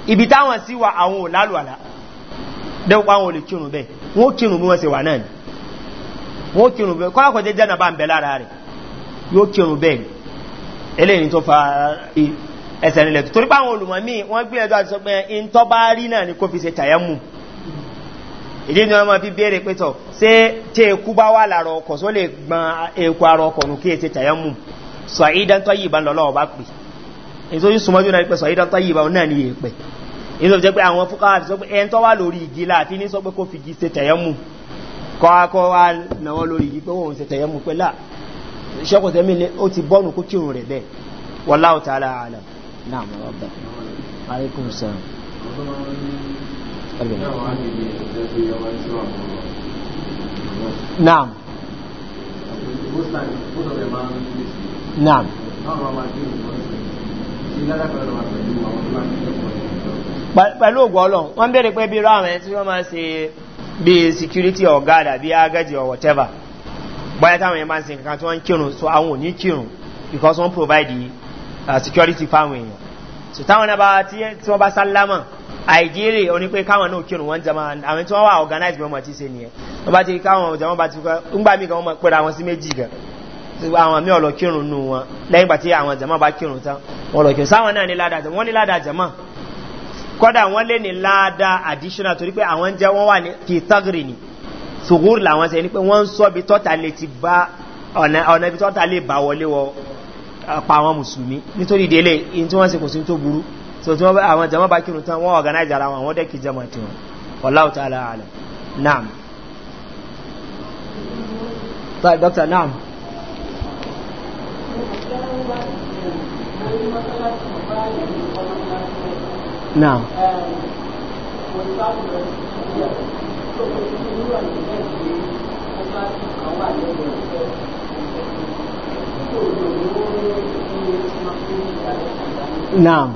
ibi táwọn sí wa àwọn ò lálùwàlá àwọn ò lè bẹ́ẹ̀ wọ́n kírun bí wọ́n wà náà ni wọ́n kírun bẹ́ẹ̀ kọ́lá kọjá Esenile míì wọ́n ìdí ni wọ́n máa fi béèrè pé tọ̀ ṣé tí eku bá wà lára ọkọ̀ tó lè gbọn eku ara ọkọ̀ nù kí ètè tàyẹ̀ mú sọ àìdántọ́ yìí bá lọ́lọ́ ọba pè nítorí súnmọ́jú náà pé sọ àìdántọ́ yìí bá náà ní èèpẹ̀ nítorí jẹ́ pé àwọn fúkà àti sọ pé ẹni tó wà lórí igi láti ní sọ pé kó fi igi ṣe tẹ̀yẹ́ mú kọ́ akọ́ wa náwọ́ lórí igi pé wọ́n ṣe Naam. Naam. Pẹ̀lú ògùn ọlọ́run, wọ́n bèèrè pé bí ráwọn ẹni tí wọ́n máa ṣe bí security or guard àbí agadi or whatever. Bọ́yá táwọn ẹni máa ṣe kankan tí wọ́n ń kírun, so àwọn ò ní kírun because wọ́n provide the uh, security fáwọn èèyàn. So táwọn náà bá tí wọ́n bá sálámà, àìjírí oní pé káwọn náà kírun wọn jama àwọn tí wọn wà organize bí wọn mọ ti ṣe nìyẹn wọn bá ti káwọn jama bá ti fọ ńgbà mí kan wọn pẹ̀lú àwọn sí méjì gan àwọn mí ọ̀lọ́ kírun nù wọn lẹ́yìn ìgbà àwọn jama bá kírun tán wọn sáwọn náà ní ládàá additional torí pé àwọn jẹ́ wọn wà ni sùgúrù làwọn sẹ́ni pé wọ́n ń sọ bí tọ́ta lè ti bá ọ̀nà ibi tọ́ta lè bá wọlé so tí wọ́n àwọn jama bá kírun tán wọ́n organize ara wọn wọ́n ala naam sorry doctor naam naam Naam.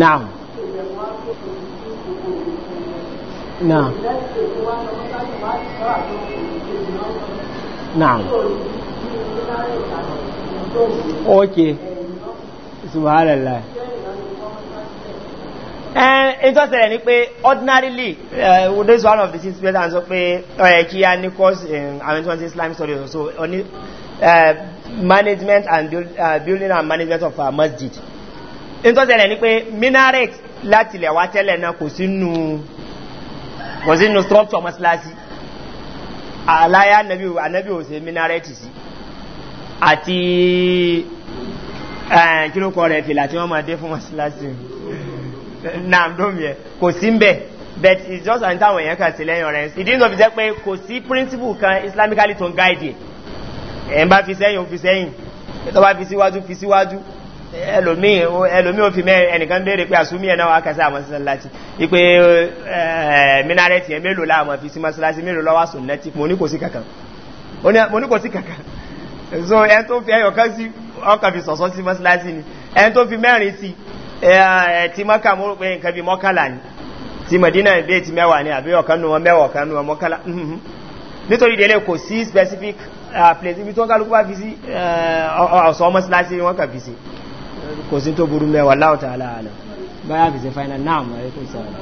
Naam. Naam. Naam. Okay. Subhanallah. Ẹn tó ṣẹlẹ̀ ní pé ordinarily, uh, this one of the six presidents sọ pé ọ̀rẹ́ ní course in Amendment Islam Studies also, uh, management and build, uh, building and management of our masjid in tó tẹ̀lẹ̀ ni pé minaret láti lẹ̀ wá tẹ́lẹ̀ náà kò sínú kò sínú structure mọ́síláṣí àláyá anabi ò se minaret sí àti kílókọ rẹ̀ fìlà tí wọ́n máa dé fún mọ́síláṣí náà dómi kò sí ń but it's just an táwọn èèyàn kan sí lẹ́yìn rẹ̀ ìdí ní tó fi jẹ́ pé kò sí principle kan islamically to guide ẹ̀ ń bá fi sẹ́yìn ó fi sẹ́yìn tó bá fi síwájú fi síwájú ẹlòmí ó fi mẹ́rin ẹnìkan bèèrè pé àsúmí ẹ̀nà wà kẹsà àwọn sísẹ́láti ipé minareti ẹ mélòó láàmọ̀ fi sí masíláti mélòó lọ́wọ́ sùnnẹ́tì mo ní kò sí kankan mo so ẹn tó fi ẹyọ̀kan sí ọkà fi sọ̀sọ́ sí masíláti ni ẹn tó fi mẹ́rin sí ti mọ́kà mú pé nǹkan bí mọ́kàlá ni ti mọ̀dínà ìbé ti mm-hmm. specific ah, place ibi tó kálukú bá fi sí ọ̀sọ́ mọ́síláti kò sí tó burú mẹ́wàá láwọ̀tà aláàlọ́ báyà fi ṣe final náà mọ̀ kò sọ̀rọ̀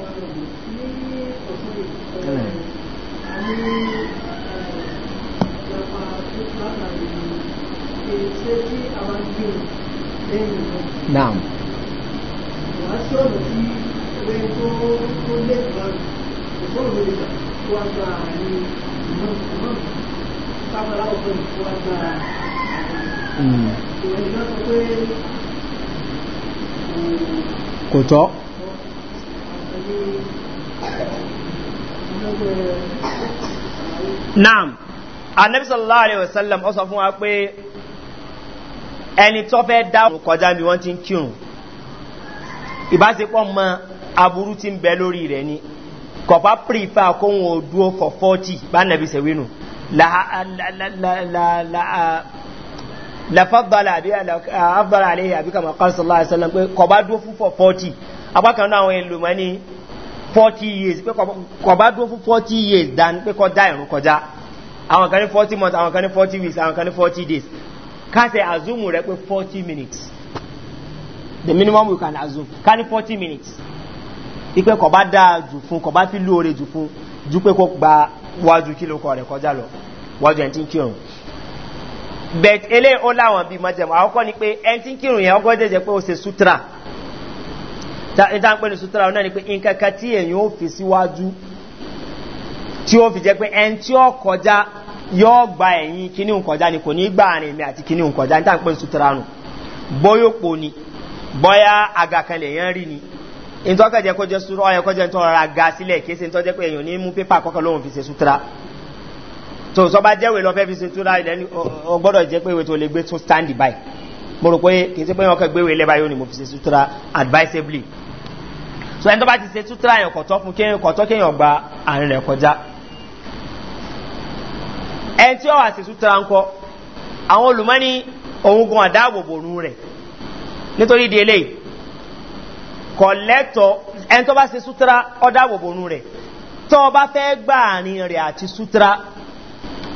Mm kò tọ́ naam anabi sallallahu alayhi wa sallam ọ sọ fún wa pé ẹni tó fẹ́ dáhùn kọjá bí wọ́n ti ń kírun ìbáṣepọ̀ mọ aburú ti ń bẹ lórí rẹ̀ ni kọ̀pá pírífà kóhun òdúó for forty bá nàbí sẹ̀wínú lafadala àbí afdala àlẹ́ àbí kàmá kọ́sọ̀ lọ́wọ́ àṣẹlẹ̀ pé fún for forty abákan náà àwọn ní forty years pé kọ̀bá dúró fún forty years dan pé kọ́ dá ìrún kọjá àwọn kan ní forty months àwọn kan ní forty weeks àwọn kan ní forty days kásẹ̀ azumu rẹ pé forty minutes the minimum we can assume ká ní forty minutes ipe kọ̀bá dáa jù fún kọ̀bá fi lóore jù fún ju pé kó gba wájú kílókọ̀ rẹ̀ kọjá lọ wájú ẹ̀ tí ń kírun bet ele o láwọn bíi májẹ̀mú àkọ́kọ́ ni pé ẹni tí ń kírun yẹn ọkọ́ jẹ́jẹ́ pé ó ṣe sutura ìta ń pè ní sutura náà ni pé nǹkan kan tí èèyàn ó fi síwájú tí ó fi jẹ́ pé ẹni tí ó kọjá yóò gba ẹ̀yìn kíní nkọjá ni kò ní gbà àrùn èmi àti kíní nkọjá níta ń pè ní sutura nù bóyó po ni bóyá àga kan lè yẹn rí ni ìtọ́kẹ́jẹ́ kó jẹ́ sutura ọ̀yẹ́ kó jẹ́ ń tọ́ rọra ga sílẹ̀ kí so sọ bá jẹ́wèé lọ fẹ́ fi ṣe túra ilẹ̀ ọ gbọ́dọ̀ jẹ́ pé ìwé tó lè gbé tún stand by mo rò pé kì í ṣe pé wọn kàn gbéwèé lẹ́bàá yóò ní mo fi ṣe túra advisably so ẹni tó bá ti ṣe túra yẹn kọ̀tọ́ fún kéèyàn kọ̀tọ́ kéèyàn gba àárín rẹ̀ kọjá ẹni tí ó wà ṣe túra ń kọ àwọn olùmọ́ni òun gan àdáàbòbò òun rẹ̀ nítorí di eléyìí kọ̀lẹ́tọ̀ ẹni tó bá ṣe sútra ọ̀dáàbòbò òun rẹ̀ tó bá fẹ́ gbà àárín rẹ̀ àti sútra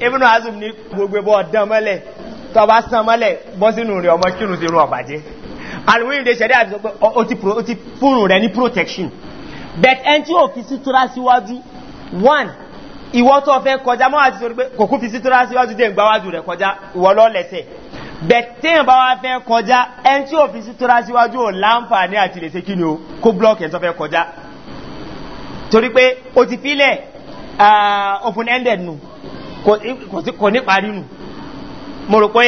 ibùnú azùm ní gbogbo ẹbọ ọ̀dán mọ́lẹ̀ tọba sán mọ́lẹ̀ bọ́ sínú rẹ̀ ọmọ kírùn sí irun ọ̀bàjẹ́ alùwìn ìdè ṣẹ̀dá àti sọpẹ́ rẹ̀ ní protection bet ẹn tí ó fi sítura síwájú one ìwọ́ tó fẹ́ kọjá mọ́ àti sọ pé kòkó fi sítura síwájú dé ìgbáwájú rẹ̀ kọjá ìwọ́ lọ́lẹ̀sẹ̀ bet téèyàn bá wá fẹ́ kọjá ẹn tí ó fi sítura síwájú ò láǹfààní àti lè ṣe kí ni o kó blọọkì ẹ̀ tó fẹ́ kọjá torí pé ó ti fílẹ̀ ah, open-ended nù. No kò ní parí nù mo rò pé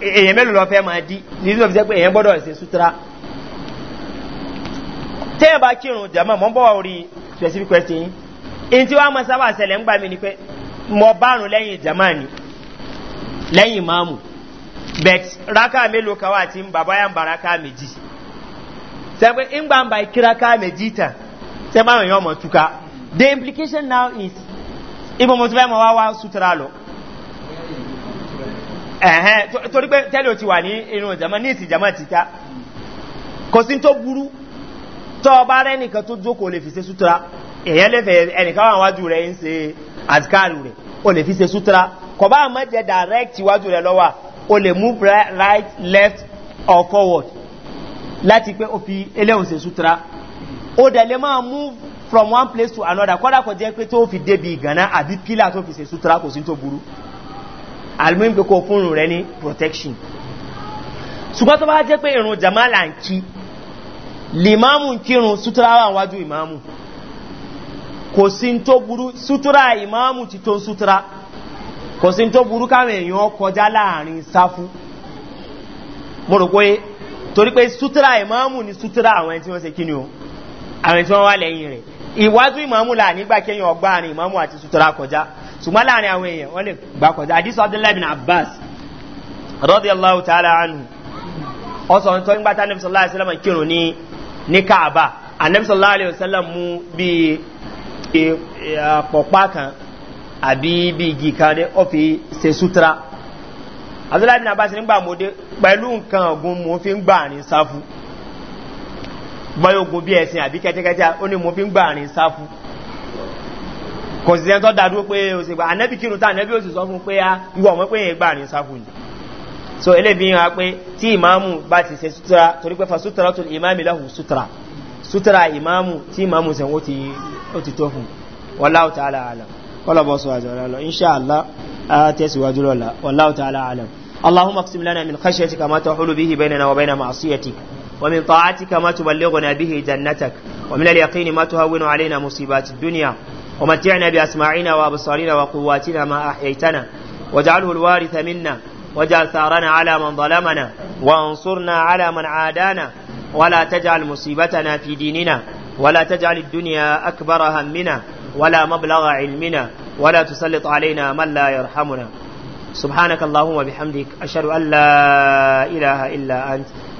èèyàn mélòó lọ fẹ́ máa di nítorí lọ́ọ́ fi pé èèyàn gbọ́dọ̀ ṣe sutura tẹ́yẹ̀ bá kírun jama mọ́ bọ́ orí specific question in tí wọ́n mọ́ sábà sẹlẹ̀ ń gbà mí ni pé mọ́ bárùn lẹ́yìn jama ni lẹ́yìn máàmù bet raka mélòó kan wà ń bàbá yà ń bara ká méjì sẹ́pẹ́ ń gbà ń bá kíra ká méjì tàn sẹ́pẹ́ àwọn èèyàn mọ̀ túká the implication now is ibo mo ti fẹ́ mọ wá wá sutura lọ ẹ̀hẹ́n torí pé tẹ́lẹ̀ o ti wà ní inú ìjàmọ́ ní ìsìjàmọ́ ti ká kò sí tó burú tọ́ ọba rẹ nìkan tó jókòó lè fi ṣe sutura èèyàn lè fẹ́ ẹnìkan wà wájú rẹ̀ ń ṣe àtikáàlù rẹ̀ o lè fi ṣe sutura kò àmọ́ jẹ́ direct iwájú rẹ̀ lọ́wọ́ o lè move right left or forward láti pé o fi eléhùn ṣe sutura o dẹ̀ lè máa move from one place to another kọ́dà kò jẹ́ pé tó fi débi ìgànná àbí pílà tó fi ṣe sutura kò sí tó burú alimoyin pé kò fóònù rẹ ní protection ṣùgbọ́n tó bá jẹ́ pé irun jamala ń kí limamu ń kírun sutura wà wájú imamu kò sí tó burú sutura imamu ti tó sutura kò sí tó burú káwọn èèyàn kọjá láàrin sáfù mo rò pé torí pé sutura imamu ni sutura àwọn ẹni tí wọ́n ṣe kí ni o àwọn tí wọ́n lẹ́yìn rẹ̀ ìwájú ìmọ̀mú là nígbà kéèyàn ọgbà àrin ìmọ̀mú àti sutura kọjá ṣùgbọ́n láàrin àwọn èèyàn wọ́n lè gbà kọjá àdísọ abdullahi abbas rọ́dí allahu ta'ala anu ọsọ tó ń gbátá nabi sallallahu alayhi wa sallam kírun ní ní kaaba anabi sallallahu alayhi wa sallam mú bí eh, pọ̀pá kan àbí bí igi kan ní ó fi ṣe sutura mọ́yógun bí ẹ̀sìn àbí kẹ́tẹ́kẹ́tẹ́ ó ní mo fi ń gbà rìn sáfù kò sí ẹni tó pé o sì gbà ànẹ́bí kírun tá ànẹ́bí ó sì sọ fún pé ah, ìwọ ọmọ pé yẹn gbà rìn sáfù ni so eléyìí hàn pé tí ìmáàmù bá ti ṣe sutura torí pé fa sutura tó ìmáàmù lẹ́hùn sutura sutura ìmáàmù tí ìmáàmù sẹ̀ wọ́n ti ó ti tó fún wọláwù tá a la àlà kọlọ̀bọ̀ اللهم اقسم لنا من خشيتك ما تحول به بيننا وبين معصيتك ومن طاعتك ما تبلغنا به جنتك ومن اليقين ما تهون علينا مصيبات الدنيا ومتعنا بأسماعنا وأبصارنا وقواتنا ما أحييتنا واجعله الوارث منا واجعل ثارنا على من ظلمنا وانصرنا على من عادانا ولا تجعل مصيبتنا في ديننا ولا تجعل الدنيا أكبر همنا ولا مبلغ علمنا ولا تسلط علينا من لا يرحمنا سبحانك اللهم وبحمدك أشهد أن لا إله إلا أنت